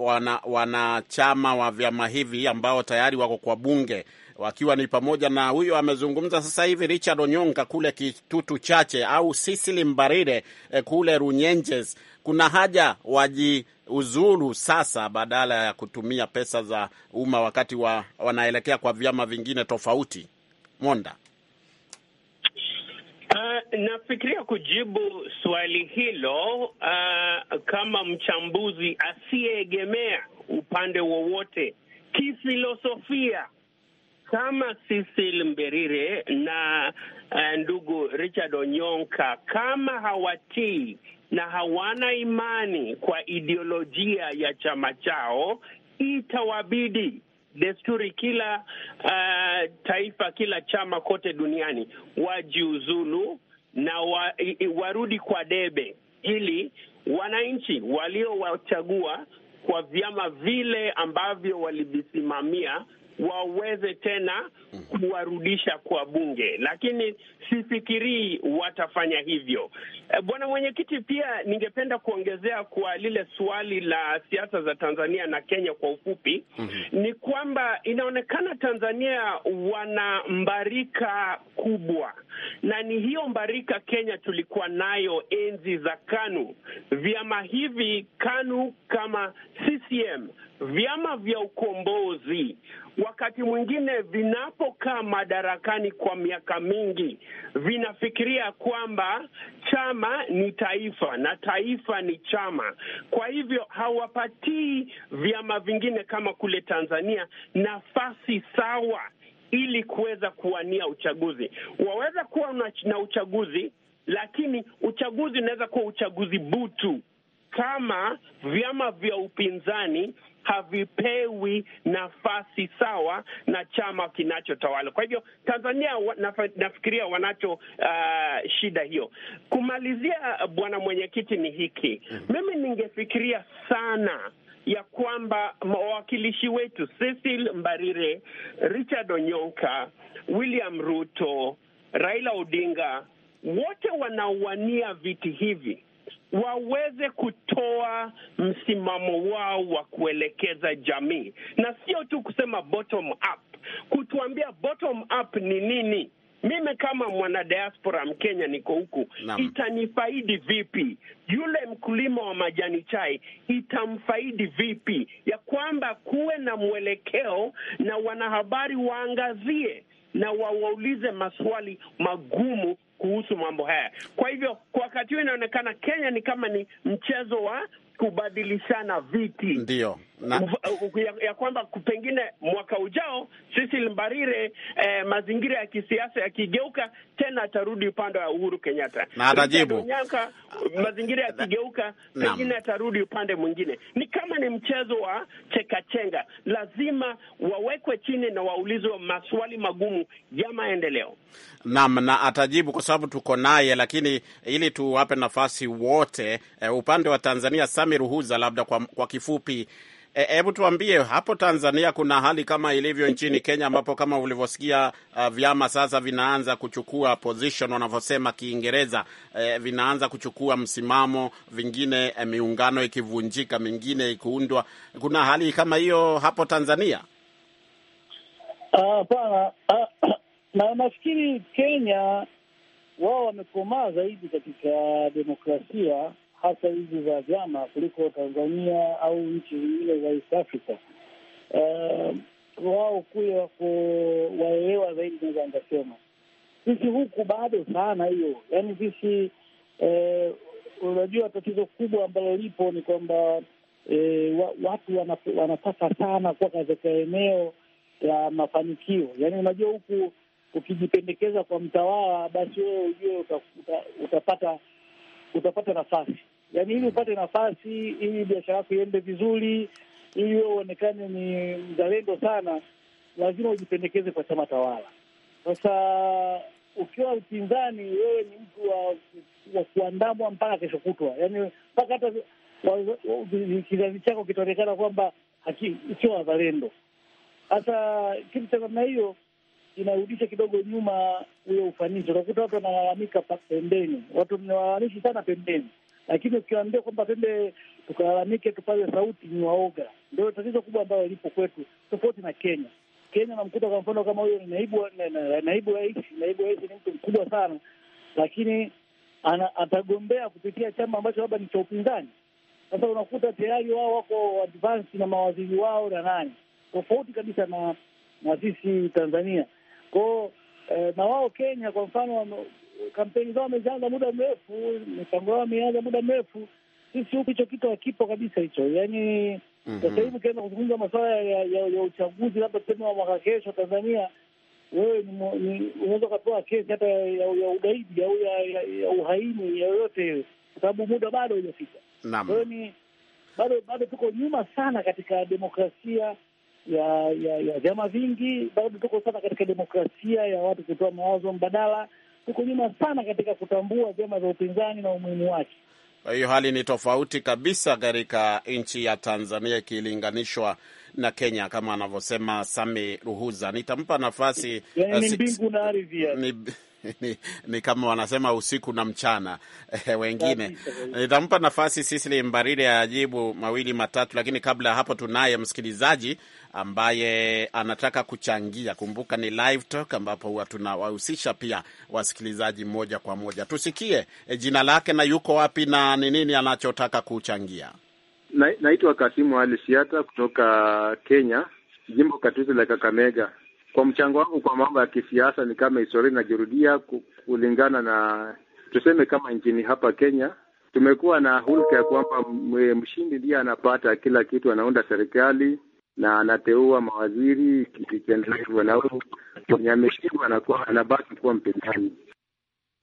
[SPEAKER 2] wanachama wana wa vyama hivi ambao tayari wako kwa bunge wakiwa ni pamoja na huyo amezungumza sasa hivi Richard Onyonka kule Kitutu Chache au Sisili Mbarire eh, kule Runyenjes. Kuna haja wajiuzuru sasa badala ya kutumia pesa za umma wakati wa, wanaelekea kwa vyama vingine tofauti. Monda
[SPEAKER 6] Uh, nafikiria kujibu swali hilo uh, kama mchambuzi asiyeegemea upande wowote kifilosofia, kama Sisil Mberire na uh, ndugu Richard Onyonka, kama hawatii na hawana imani kwa ideolojia ya chama chao, itawabidi desturi kila uh, taifa, kila chama kote duniani wajiuzulu na wa, i, warudi kwa debe ili wananchi waliowachagua kwa vyama vile ambavyo walivisimamia waweze tena mm. kuwarudisha kwa bunge, lakini sifikirii watafanya hivyo. Eh, Bwana Mwenyekiti, pia ningependa kuongezea kwa lile swali la siasa za Tanzania na Kenya kwa ufupi mm -hmm. ni kwamba inaonekana Tanzania wana mbarika kubwa, na ni hiyo mbarika Kenya tulikuwa nayo enzi za KANU. Vyama hivi KANU kama CCM, vyama vya ukombozi wakati mwingine vinapokaa madarakani kwa miaka mingi vinafikiria kwamba chama ni taifa na taifa ni chama. Kwa hivyo hawapatii vyama vingine kama kule Tanzania nafasi sawa ili kuweza kuwania uchaguzi. Waweza kuwa na uchaguzi, lakini uchaguzi unaweza kuwa uchaguzi butu kama vyama vya upinzani havipewi nafasi sawa na chama kinachotawala. Kwa hivyo Tanzania nafikiria wanacho uh, shida hiyo. Kumalizia bwana mwenyekiti, ni hiki mm-hmm. mimi ningefikiria sana ya kwamba wawakilishi wetu Cecil Mbarire, Richard Onyonka, William Ruto, Raila Odinga wote wanaowania viti hivi waweze kutoa msimamo wao wa kuelekeza jamii, na sio tu kusema bottom up, kutuambia bottom up ni nini. Mimi kama mwanadiaspora Mkenya niko huku, itanifaidi vipi? Yule mkulima wa majani chai itamfaidi vipi? Ya kwamba kuwe na mwelekeo na wanahabari waangazie na wawaulize maswali magumu kuhusu mambo haya. Kwa hivyo kwa wakati huu inaonekana Kenya ni kama ni mchezo wa kubadilishana viti, ndio na... ya, ya kwamba pengine mwaka ujao sisi Limbarire eh, mazingira ya kisiasa yakigeuka tena atarudi upande wa Uhuru Kenyatta na atajibu mazingira yakigeuka pengine atarudi upande mwingine. Ni kama ni mchezo wa chekachenga, lazima wawekwe chini na waulizwe maswali magumu
[SPEAKER 2] ya maendeleo. Naam, na atajibu kwa sababu tuko naye, lakini ili tuwape nafasi wote eh, upande wa Tanzania Samir Huza, labda kwa, kwa kifupi E, e, hebu e, tuambie hapo Tanzania kuna hali kama ilivyo nchini Kenya, ambapo kama ulivyosikia uh, vyama sasa vinaanza kuchukua position wanavyosema Kiingereza, e, vinaanza kuchukua msimamo, vingine e, miungano ikivunjika, mingine ikuundwa. Kuna hali kama hiyo hapo Tanzania?
[SPEAKER 7] Hapana. Ah, ah na nafikiri Kenya wao wamekomaa zaidi katika demokrasia hasa hizi za vyama kuliko Tanzania au nchi zingine za East Africa. Uh, wao kule wako waelewa zaidi, naweza nikasema sisi huku bado sana hiyo, yaani sisi eh, unajua tatizo kubwa ambalo lipo ni kwamba eh, watu wanataka sana kuwa katika eneo la mafanikio, yaani unajua huku ukijipendekeza kwa mtawala basi wewe ujue utapata utapata nafasi, yani, ili upate nafasi, ili biashara yako iende vizuri, ili wewe uonekane ni mzalendo sana, lazima ujipendekeze kwa chama tawala. Sasa ukiwa upinzani, wewe ni mtu wa, wa kuandamwa mpaka kesho kutwa, yani mpaka hata kizazi chako kitaonekana kwamba sio wazalendo. Sasa kitu cha namna hiyo inarudisha kidogo nyuma huyo ufanisi. Utakuta watu wanalalamika pembeni, watu mnawalalamishi sana pembeni, lakini ukiwaambia kwamba tende tukalalamike, tupaze sauti, ni waoga. Ndio tatizo kubwa ambayo lipo kwetu, tofauti na Kenya. Kenya namkuta kwa mfano kama huyo naibu naibu rais, naibu rais ni mtu mkubwa sana, lakini ana, atagombea kupitia chama ambacho labda ni cha upinzani. Sasa unakuta tayari wao wako advance na mawaziri wao na nani, tofauti kabisa na na sisi Tanzania kwao eh, na wao Kenya kwa mfano kampeni zao wameanza muda mrefu, mipango yao wameanza muda mrefu. Sisi huku hicho kitu hakipo kabisa hicho, yaani mhm. sasa hivi ukianza kuzungumza masuala ya uchaguzi, labda tena wa mwaka kesho Tanzania, wewe unaweza ukapewa kesi hata ya ugaidi au ya uhaini yoyote hiyo, kwa sababu muda bado haujafika. Kwa hiyo ni bado bado tuko nyuma sana katika demokrasia ya ya vyama vingi, bado tuko sana katika demokrasia ya watu kutoa mawazo mbadala uko nyuma sana katika kutambua vyama vya upinzani na umuhimu wake.
[SPEAKER 2] Kwa hiyo hali ni tofauti kabisa katika nchi ya Tanzania ikilinganishwa na Kenya kama anavyosema Sami Ruhuza. Nitampa nafasi yani, uh, eh, ni mbingu na ardhi (laughs) ni, ni kama wanasema usiku na mchana wengine. Nitampa nafasi Sisili Mbarire ya ajibu mawili matatu, lakini kabla ya hapo tunaye msikilizaji ambaye anataka kuchangia. Kumbuka ni live talk, ambapo huwa tunawahusisha pia wasikilizaji moja kwa moja. Tusikie e, jina lake na yuko wapi na ni nini anachotaka kuchangia.
[SPEAKER 3] Naitwa Kasimu Ali Siata kutoka Kenya, jimbo katuzi la Kakamega. Kwa mchango wangu kwa mambo ya kisiasa, ni kama historia inajirudia kulingana na tuseme, kama nchini hapa Kenya tumekuwa na hulka ya kwamba e, mshindi ndiye anapata kila kitu, anaunda serikali na anateua mawaziri ikiendelea na mwenye ameshindwa anakuwa anabaki kuwa mpinzani,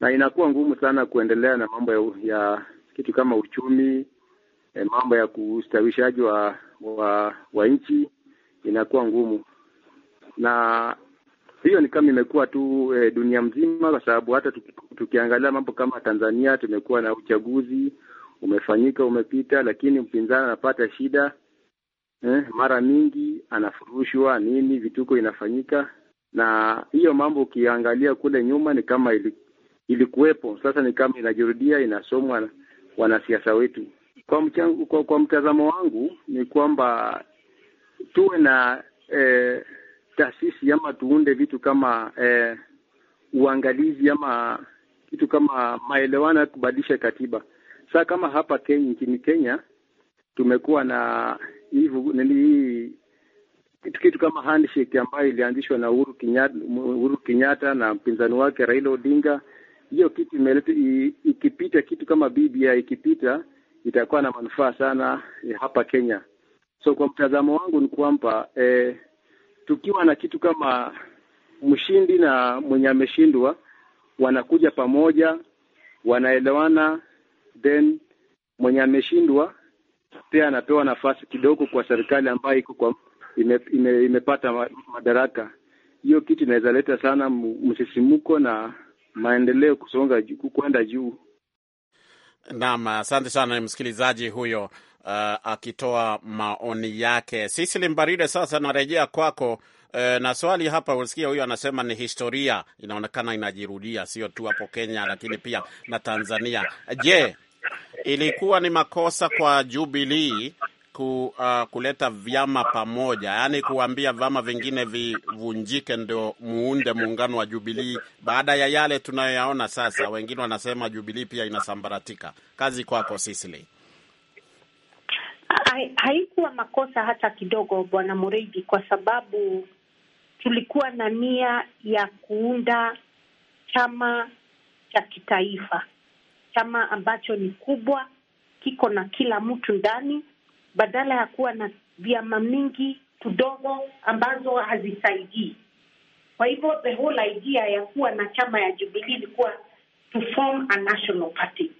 [SPEAKER 3] na inakuwa ngumu sana kuendelea na mambo ya, ya kitu kama uchumi eh, mambo ya kustawishaji wa, wa, wa nchi inakuwa ngumu na hiyo ni kama imekuwa tu e, dunia mzima, kwa sababu hata tuki, tukiangalia mambo kama Tanzania tumekuwa na uchaguzi umefanyika umepita, lakini mpinzani anapata shida eh, mara mingi anafurushwa nini, vituko inafanyika. Na hiyo mambo ukiangalia kule nyuma ni kama ilikuwepo, sasa ni kama inajirudia, inasomwa wanasiasa wetu. Kwa kwa, kwa mtazamo wangu ni kwamba tuwe na eh, taasisi ama tuunde vitu kama eh, uangalizi ama kitu kama maelewano ya kubadilisha katiba. Sasa kama hapa Kenya, nchini Kenya tumekuwa na hii kitu kitu kama handshake ambayo ilianzishwa na Uhuru Kenyatta, Uhuru Kenyatta na mpinzani wake Raila Odinga. Hiyo kitu imeleta ikipita, kitu kama BBI ikipita, itakuwa na manufaa sana eh, hapa Kenya. So kwa mtazamo wangu ni kwamba eh, tukiwa na kitu kama mshindi na mwenye ameshindwa, wanakuja pamoja, wanaelewana, then mwenye ameshindwa pia anapewa nafasi kidogo kwa serikali ambayo iko kwa ime, ime, imepata madaraka. Hiyo kitu inaweza leta sana msisimuko na maendeleo kusonga kwenda juu.
[SPEAKER 2] Naam, asante sana msikilizaji huyo uh, akitoa maoni yake. Sisili Mbaride, sasa narejea kwako. uh, na swali hapa usikia huyu anasema ni historia inaonekana inajirudia, sio tu hapo Kenya, lakini pia na Tanzania. Je, ilikuwa ni makosa kwa Jubilii ku, uh, kuleta vyama pamoja, yaani kuambia vyama vingine vivunjike ndio muunde muungano wa Jubilii baada ya yale tunayoyaona sasa? Wengine wanasema Jubilii pia inasambaratika. Kazi kwako Sisili
[SPEAKER 1] haikuwa makosa hata kidogo, Bwana moredi kwa sababu tulikuwa na nia ya kuunda chama cha kitaifa, chama ambacho ni kubwa, kiko na kila mtu ndani, badala ya kuwa na vyama mingi tudogo ambazo hazisaidii. Kwa hivyo the whole idea ya kuwa na chama ya Jubilee ilikuwa to form a national party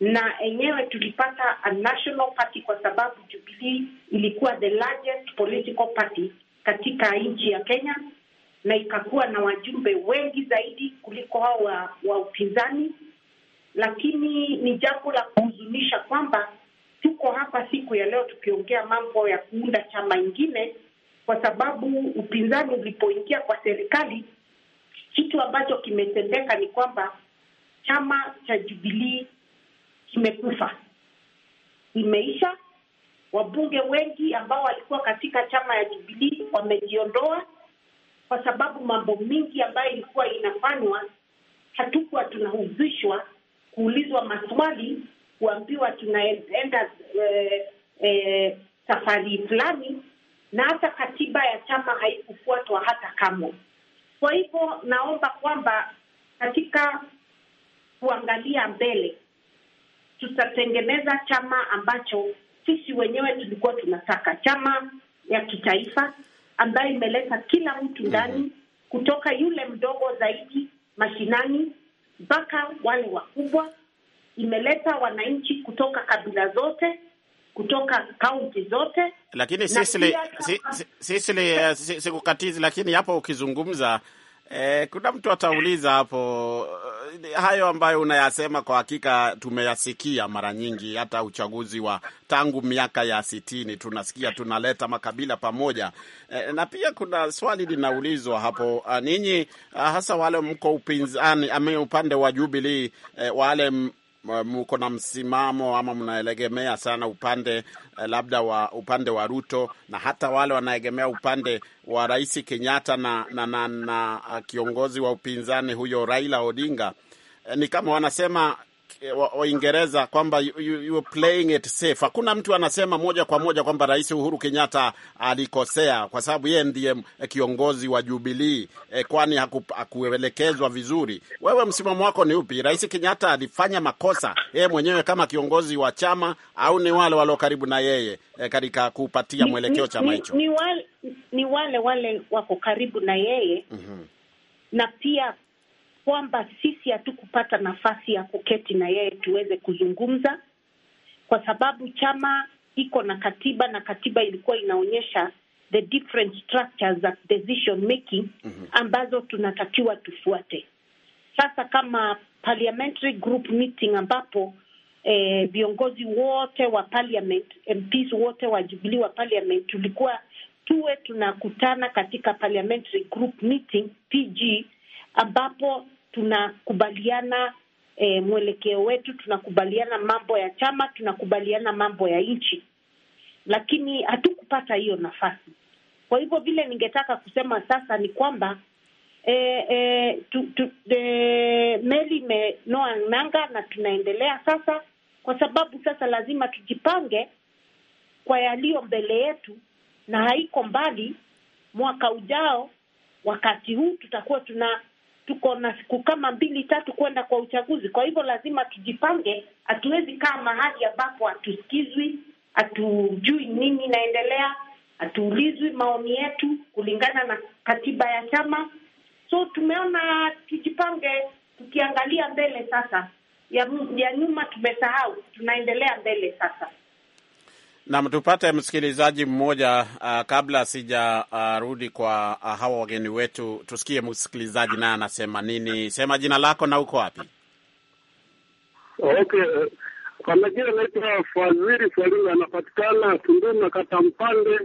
[SPEAKER 1] na enyewe tulipata a national party kwa sababu Jubilee ilikuwa the largest political party katika nchi ya Kenya, na ikakuwa na wajumbe wengi zaidi kuliko hao wa, wa upinzani. Lakini ni jambo la kuhuzunisha kwamba tuko hapa siku ya leo tukiongea mambo ya kuunda chama ingine, kwa sababu upinzani ulipoingia kwa serikali, kitu ambacho kimetendeka ni kwamba chama cha Jubilee kimekufa, imeisha. Wabunge wengi ambao walikuwa katika chama ya Jubilee wamejiondoa kwa sababu mambo mingi ambayo ilikuwa inafanywa hatukuwa tunahuzishwa kuulizwa maswali, kuambiwa tunaenda eh, eh, safari fulani, na hata katiba ya chama haikufuatwa hata kamwe. Kwa hivyo naomba kwamba katika kuangalia mbele tutatengeneza chama ambacho sisi wenyewe tulikuwa tunataka, chama ya kitaifa ambayo imeleta kila mtu ndani mm -hmm. kutoka yule mdogo zaidi mashinani mpaka wale wakubwa. Imeleta wananchi kutoka kabila zote, kutoka kaunti zote. Lakini Sisili,
[SPEAKER 2] eh. sikukatizi, lakini hapo ukizungumza eh, kuna mtu atauliza hapo hayo ambayo unayasema kwa hakika tumeyasikia mara nyingi, hata uchaguzi wa tangu miaka ya sitini tunasikia tunaleta makabila pamoja. E, na pia kuna swali linaulizwa hapo, ah, ninyi ah, hasa wale mko upinzani ame upande wa Jubilii, e, eh, wale mko na msimamo ama mnaelegemea sana upande eh, labda wa upande wa Ruto na hata wale wanaegemea upande wa Rais Kenyatta na, na, na, na ah, kiongozi wa upinzani huyo Raila Odinga eh, ni kama wanasema Eh, Waingereza kwamba you, you playing it safe. Hakuna mtu anasema moja kwa moja kwamba Rais Uhuru Kenyatta alikosea kwa sababu yeye ndiye eh, kiongozi wa jubilii eh, kwani hakuelekezwa vizuri. Wewe msimamo wako ni upi? Rais Kenyatta alifanya makosa yeye mwenyewe kama kiongozi wa chama au ni wale walio karibu na yeye eh, katika kupatia mwelekeo chama hicho?
[SPEAKER 1] Ni, ni, ni, wale, ni wale wale wako karibu na yeye mm -hmm. na pia kwamba sisi hatukupata nafasi ya kuketi na yeye tuweze kuzungumza, kwa sababu chama iko na katiba na katiba ilikuwa inaonyesha the different structures of decision making mhm. ambazo tunatakiwa tufuate. Sasa kama parliamentary group meeting ambapo eh, viongozi wote wa parliament, MPs wote wa Jubilee wa parliament tulikuwa tuwe tunakutana katika parliamentary group meeting PG ambapo tunakubaliana e, mwelekeo wetu, tunakubaliana mambo ya chama, tunakubaliana mambo ya nchi, lakini hatukupata hiyo nafasi. Kwa hivyo vile ningetaka kusema sasa ni kwamba e, e, tu, tu, e, meli imenoa nanga na tunaendelea sasa, kwa sababu sasa lazima tujipange kwa yaliyo mbele yetu, na haiko mbali, mwaka ujao wakati huu tutakuwa tuna tuko na siku kama mbili tatu kwenda kwa uchaguzi. Kwa hivyo lazima tujipange, hatuwezi kaa mahali ambapo hatusikizwi, hatujui nini inaendelea, hatuulizwi maoni yetu kulingana na katiba ya chama. So tumeona tujipange, tukiangalia mbele sasa. Ya, ya nyuma tumesahau, tunaendelea mbele sasa.
[SPEAKER 2] Nam, tupate msikilizaji mmoja uh, kabla sijarudi ah, uh, kwa uh, hawa wageni wetu, tusikie msikilizaji naye anasema nini. Sema jina lako na uko wapi?
[SPEAKER 9] Okay, eh, kwa majina naitwa Fadhili Falinga, anapatikana Tunduma, kata Mpande,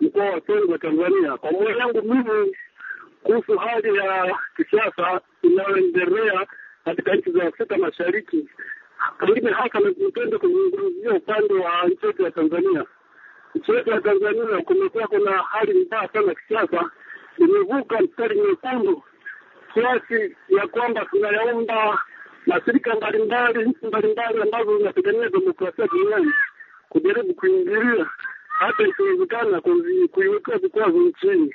[SPEAKER 9] mkoa wa Songwe, Tanzania. Kwa moyo yangu mimi kuhusu hali ya kisiasa inayoendelea katika nchi za Afrika Mashariki Kamulibe haka amependa kuzungumzia upande wa nchi yetu ya Tanzania. Nchi yetu ya Tanzania kumekuwa kuna hali mbaya sana kisiasa, imevuka mstari mwekundu kiasi ya kwamba tunayaomba mashirika mbalimbali, nchi mbalimbali ambazo zinapigania demokrasia duniani kujaribu kuingilia, hata ikiwezekana kuiwekea vikwazo nchini,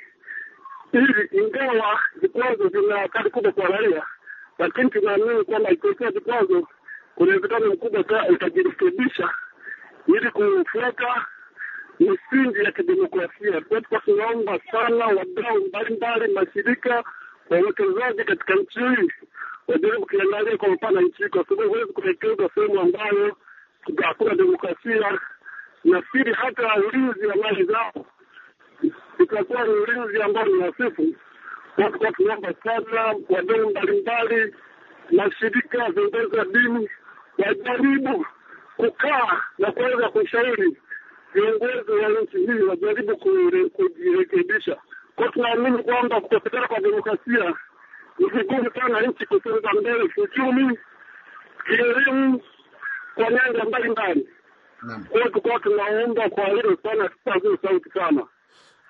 [SPEAKER 9] ili ingawa vikwazo vina athari kubwa kwa raia, lakini tunaamini kwamba ikiwekea vikwazo kuna uwezekano mkubwa sana utajirekebisha ili kufuata misingi ya kidemokrasia. Tunaomba sana wadau mbalimbali, mashirika, wawekezaji katika nchi hii wajaribu kiangalia kwa upana nchi hii, kwa sababu huwezi kuwekeza sehemu ambayo hakuna demokrasia. na Nafikiri hata ulinzi wa mali zao itakuwa ni ulinzi ambao ni wasifu Tunaomba sana wadau mbalimbali, mashirika, viongozi wa dini wajaribu kukaa na kuweza kushauri viongozi wa nchi hii, wajaribu kujirekebisha, kwa tunaamini kwamba kukosekana kwa demokrasia ni vigumu sana nchi kusonga mbele kiuchumi, kielimu, kwa nyanja mbalimbali. Kwa hiyo tukawa tunaomba kwa hilo sana, tupazie sauti sana.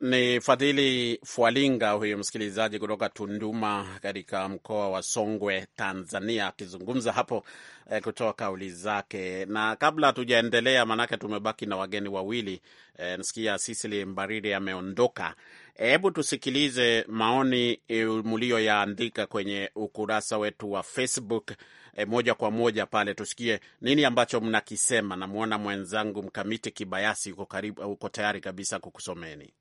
[SPEAKER 2] Ni Fadhili Fwalinga huyu msikilizaji kutoka Tunduma katika mkoa wa Songwe, Tanzania, akizungumza hapo eh, kutoa kauli zake. Na kabla hatujaendelea, maanake tumebaki na wageni wawili eh, nasikia Sisili Mbariri ameondoka. Hebu tusikilize maoni eh, mlioyaandika kwenye ukurasa wetu wa Facebook eh, moja kwa moja pale, tusikie nini ambacho mnakisema. Namwona mwenzangu Mkamiti Kibayasi uko, karibu, uko tayari kabisa kukusomeni.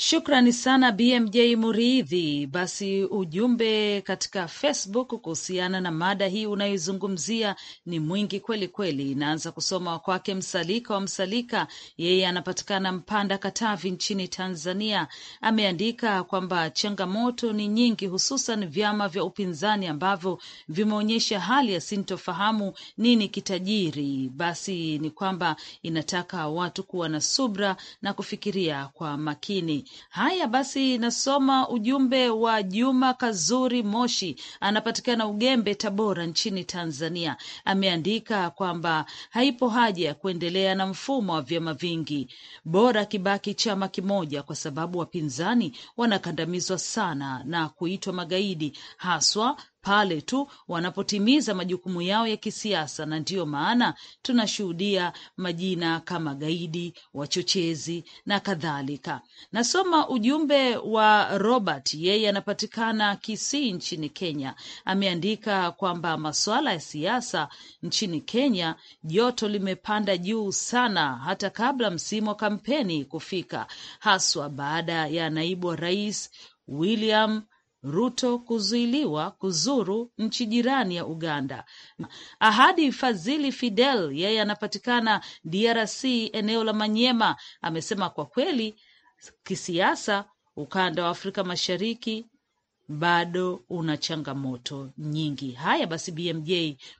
[SPEAKER 4] Shukrani sana BMJ Muridhi. Basi ujumbe katika Facebook kuhusiana na mada hii unayoizungumzia ni mwingi kweli kweli. inaanza kusoma kwake Msalika wa Msalika, yeye anapatikana Mpanda, Katavi nchini Tanzania. Ameandika kwamba changamoto ni nyingi, hususan vyama vya upinzani ambavyo vimeonyesha hali ya sintofahamu nini kitajiri. Basi ni kwamba inataka watu kuwa na subra na kufikiria kwa makini. Haya basi, nasoma ujumbe wa Juma Kazuri Moshi, anapatikana Ugembe, Tabora nchini Tanzania. Ameandika kwamba haipo haja ya kuendelea na mfumo wa vyama vingi, bora kibaki chama kimoja, kwa sababu wapinzani wanakandamizwa sana na kuitwa magaidi haswa pale tu wanapotimiza majukumu yao ya kisiasa, na ndiyo maana tunashuhudia majina kama gaidi, wachochezi na kadhalika. Nasoma ujumbe wa Robert, yeye anapatikana Kisii nchini Kenya. Ameandika kwamba masuala ya siasa nchini Kenya, joto limepanda juu sana, hata kabla msimu wa kampeni kufika, haswa baada ya naibu wa rais William Ruto kuzuiliwa kuzuru nchi jirani ya Uganda Ahadi Fazili Fidel yeye anapatikana DRC eneo la Manyema amesema kwa kweli kisiasa ukanda wa Afrika Mashariki bado una changamoto nyingi. Haya basi, BMJ,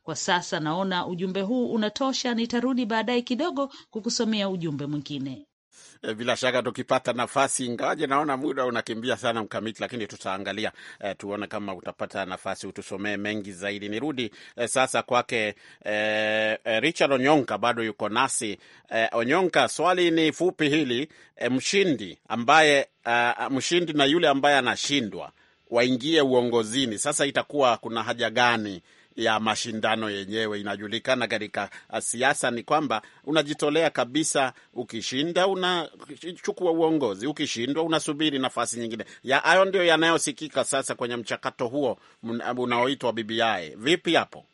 [SPEAKER 4] kwa sasa naona ujumbe huu unatosha. Nitarudi baadaye kidogo kukusomea ujumbe mwingine.
[SPEAKER 2] Eh, bila shaka tukipata nafasi, ingawaje naona muda unakimbia sana mkamiti, lakini tutaangalia eh, tuone kama utapata nafasi utusomee mengi zaidi. Nirudi eh, sasa kwake eh, eh, Richard Onyonka bado yuko nasi eh, Onyonka, swali ni fupi hili eh, mshindi ambaye eh, mshindi na yule ambaye anashindwa waingie uongozini, sasa itakuwa kuna haja gani ya mashindano yenyewe inajulikana katika uh, siasa ni kwamba unajitolea kabisa, ukishinda unachukua uongozi, ukishindwa unasubiri nafasi nyingine. Ya hayo ndio yanayosikika sasa kwenye mchakato huo unaoitwa BBI. Vipi hapo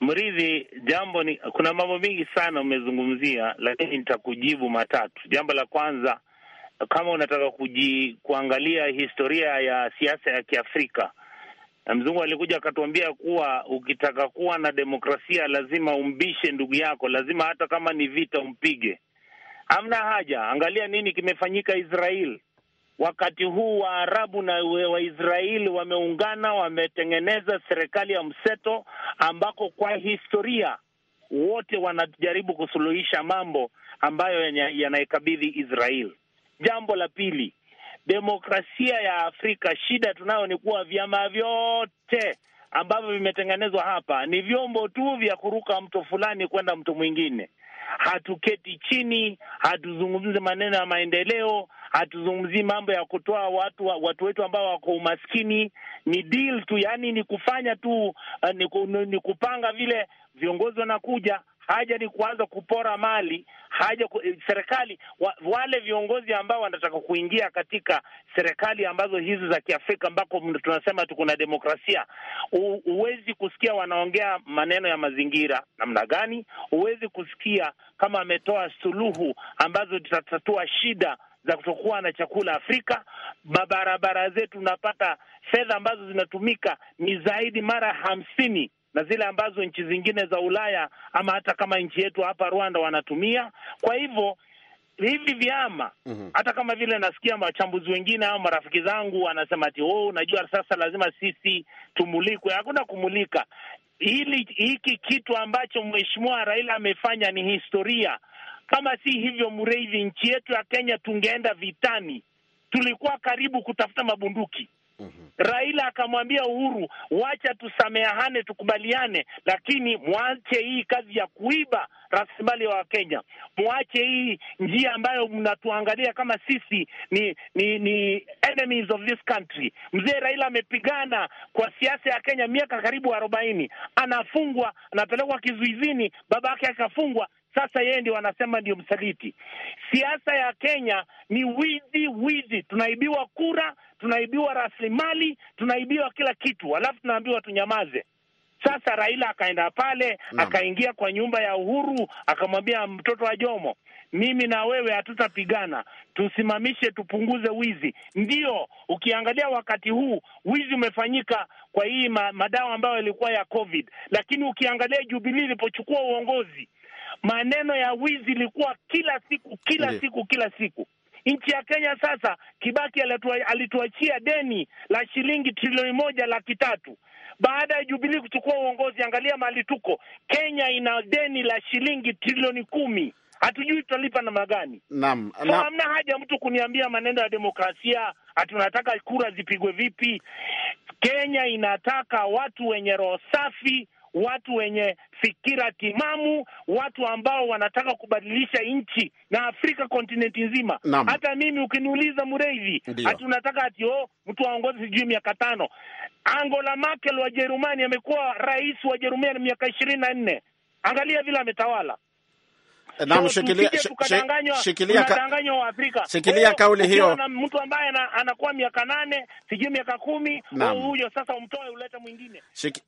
[SPEAKER 8] Mridhi? Jambo ni kuna mambo mingi sana umezungumzia, lakini nitakujibu matatu. Jambo la kwanza, kama unataka kuji, kuangalia historia ya siasa ya Kiafrika na mzungu alikuja akatuambia kuwa ukitaka kuwa na demokrasia lazima umbishe ndugu yako, lazima hata kama ni vita umpige. Hamna haja, angalia nini kimefanyika Israel wakati huu. wa arabu na waisrael wameungana, wametengeneza serikali ya mseto, ambako kwa historia wote wanajaribu kusuluhisha mambo ambayo yanaikabidhi Israel. Jambo la pili, demokrasia ya Afrika, shida tunayo ni kuwa vyama vyote ambavyo vimetengenezwa hapa ni vyombo tu vya kuruka mto fulani kwenda mto mwingine. Hatuketi chini, hatuzungumzi maneno ya maendeleo, hatuzungumzii mambo ya kutoa watu watu wetu ambao wako umaskini. Ni deal tu, yani ni kufanya tu, eh, ni, ni kupanga vile viongozi wanakuja haja ni kuanza kupora mali, haja ku, eh, serikali wa, wale viongozi ambao wanataka kuingia katika serikali ambazo hizi za Kiafrika ambako tunasema tu kuna demokrasia, huwezi kusikia wanaongea maneno ya mazingira namna gani, huwezi kusikia kama ametoa suluhu ambazo zitatatua shida za kutokuwa na chakula Afrika. Mabarabara zetu unapata fedha ambazo zinatumika ni zaidi mara hamsini na zile ambazo nchi zingine za Ulaya ama hata kama nchi yetu hapa Rwanda wanatumia. Kwa hivyo hivi vyama mm -hmm. Hata kama vile nasikia wachambuzi wengine au marafiki zangu wanasema ati oh, unajua sasa lazima sisi tumulikwe. Hakuna kumulika hili, hiki kitu ambacho mheshimiwa Raila amefanya ni historia. Kama si hivyo, Mreithi, nchi yetu ya Kenya tungeenda vitani. Tulikuwa karibu kutafuta mabunduki mm -hmm. Raila akamwambia Uhuru, wacha tusamehane, tukubaliane, lakini mwache hii kazi ya kuiba rasilimali ya Wakenya, mwache hii njia ambayo mnatuangalia kama sisi ni ni, ni enemies of this country. Mzee Raila amepigana kwa siasa ya Kenya miaka karibu arobaini, anafungwa, anapelekwa kizuizini, baba yake akafungwa sasa yeye ndio wanasema ndio msaliti. Siasa ya Kenya ni wizi, wizi. Tunaibiwa kura, tunaibiwa rasilimali, tunaibiwa kila kitu, alafu tunaambiwa tunyamaze. Sasa Raila akaenda pale no. akaingia kwa nyumba ya Uhuru akamwambia mtoto wa Jomo, mimi na wewe hatutapigana, tusimamishe, tupunguze wizi. Ndio ukiangalia wakati huu wizi umefanyika kwa hii madawa ambayo yalikuwa ya COVID, lakini ukiangalia jubilii ilipochukua uongozi maneno ya wizi ilikuwa kila siku kila Ndi. siku kila siku. Nchi ya Kenya sasa, Kibaki alituachia deni la shilingi trilioni moja laki tatu baada ya Jubilii kuchukua uongozi. Angalia mahali tuko, Kenya ina deni la shilingi trilioni kumi hatujui tutalipa namna gani.
[SPEAKER 2] Naam, so
[SPEAKER 8] hamna haja mtu kuniambia maneno ya demokrasia, ati unataka kura zipigwe vipi. Kenya inataka watu wenye roho safi watu wenye fikira timamu, watu ambao wanataka kubadilisha nchi na Afrika kontinenti nzima. Hata mimi ukiniuliza Mureithi, ati unataka ati oh, mtu aongoze sijui miaka tano. angola Merkel wa Jerumani amekuwa rais wa Jerumani miaka ishirini na nne. Angalia vile ametawala.
[SPEAKER 2] Naam, shikilia shikilia Afrika. Shikilia kauli hiyo.
[SPEAKER 8] mtu ambaye anakuwa
[SPEAKER 2] miaka nane, sijui miaka kumi, huyo sasa
[SPEAKER 8] umtoe ulete mwingine.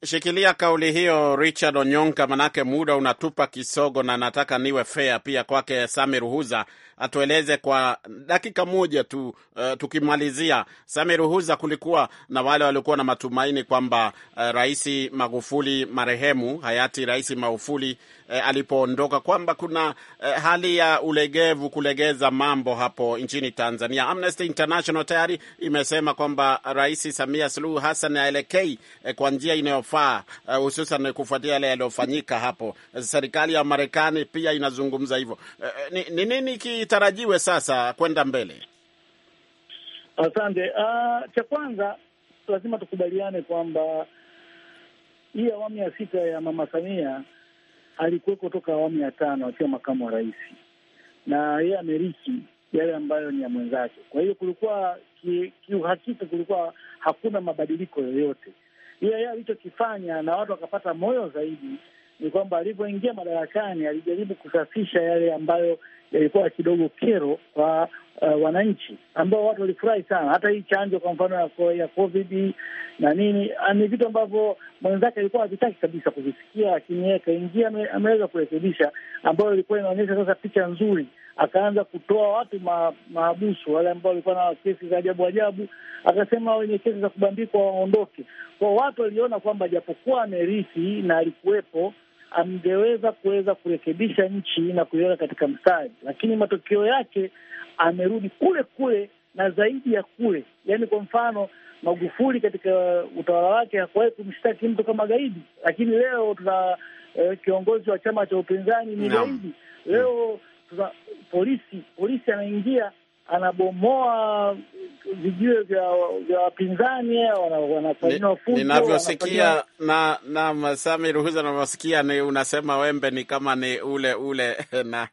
[SPEAKER 2] Shikilia kauli hiyo Richard Onyonka, manake muda unatupa kisogo na nataka niwe fair pia kwake Samir Huza atueleze kwa dakika moja tu, uh, tukimalizia Samir Huza, kulikuwa na wale waliokuwa na matumaini kwamba uh, Rais Magufuli marehemu hayati Rais Magufuli uh, alipoondoka kwamba kuna uh, hali ya ulegevu kulegeza mambo hapo nchini Tanzania. Amnesty International tayari imesema kwamba Rais Samia Suluhu Hassan aelekei uh, kwa njia inayofaa hususan uh, kufuatia yale yaliyofanyika hapo. Serikali ya Marekani pia inazungumza hivyo. Uh, ni nini ki kitarajiwe sasa kwenda mbele?
[SPEAKER 7] Asante. Uh, cha kwanza lazima tukubaliane kwamba hii awamu ya sita ya Mama Samia alikuweko toka awamu ya tano akiwa makamu wa rais, na yeye amerithi yale ambayo ni ya mwenzake. Kwa hiyo kulikuwa kiuhakika, ki kulikuwa hakuna mabadiliko yoyote. Yeye alichokifanya na watu wakapata moyo zaidi ni kwamba alivyoingia madarakani alijaribu kusafisha yale ambayo yalikuwa kidogo kero kwa uh, wananchi ambao watu walifurahi sana. Hata hii chanjo kwa mfano ya COVID na nini ah, ni vitu ambavyo mwenzake alikuwa havitaki kabisa kuvisikia, lakini yeye akaingia, ameweza kurekebisha, ambayo ilikuwa inaonyesha sasa picha nzuri. Akaanza kutoa watu ma, maabusu wale ambao walikuwa na kesi za ajabu ajabu, akasema wenye kesi za kubambikwa waondoke. Kwa watu waliona kwamba japokuwa amerithi na alikuwepo angeweza kuweza kurekebisha nchi na kuiweka katika mstari, lakini matokeo yake amerudi kule kule na zaidi ya kule. Yaani, kwa mfano Magufuli katika utawala wake hakuwahi kumshtaki mtu kama gaidi, lakini leo tuna eh, kiongozi wa chama cha upinzani ni gaidi. Leo tuna polisi, polisi anaingia anabomoa vijiwe vya wapinzani wanafanyiwa fujo. Ninavyosikia
[SPEAKER 2] na na Samir Huza, navyosikia ni unasema wembe ni kama ni ule ule (laughs) na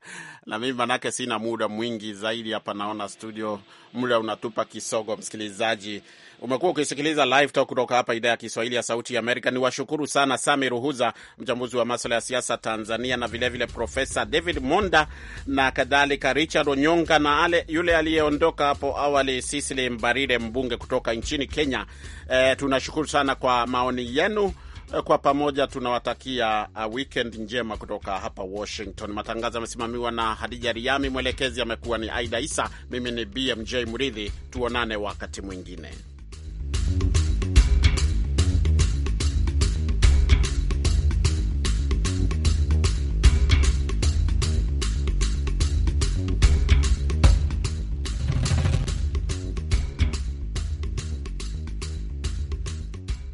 [SPEAKER 2] na mimi manake sina muda mwingi zaidi hapa, naona studio muda unatupa kisogo. Msikilizaji, umekuwa ukisikiliza Live Talk kutoka hapa idhaa ya Kiswahili ya Sauti ya Amerika. Ni washukuru sana Sami Ruhuza, mchambuzi wa maswala ya siasa Tanzania, na vilevile Profesa David Monda na kadhalika, Richard Onyonga na ale yule aliyeondoka hapo awali Sisili Mbarire, mbunge kutoka nchini Kenya. E, tunashukuru sana kwa maoni yenu Eh, kwa pamoja tunawatakia eh, weekend njema kutoka hapa Washington. Matangazo yamesimamiwa na Hadija Riami, mwelekezi amekuwa ni Aida Isa, mimi ni BMJ mridhi Tuonane wakati mwingine.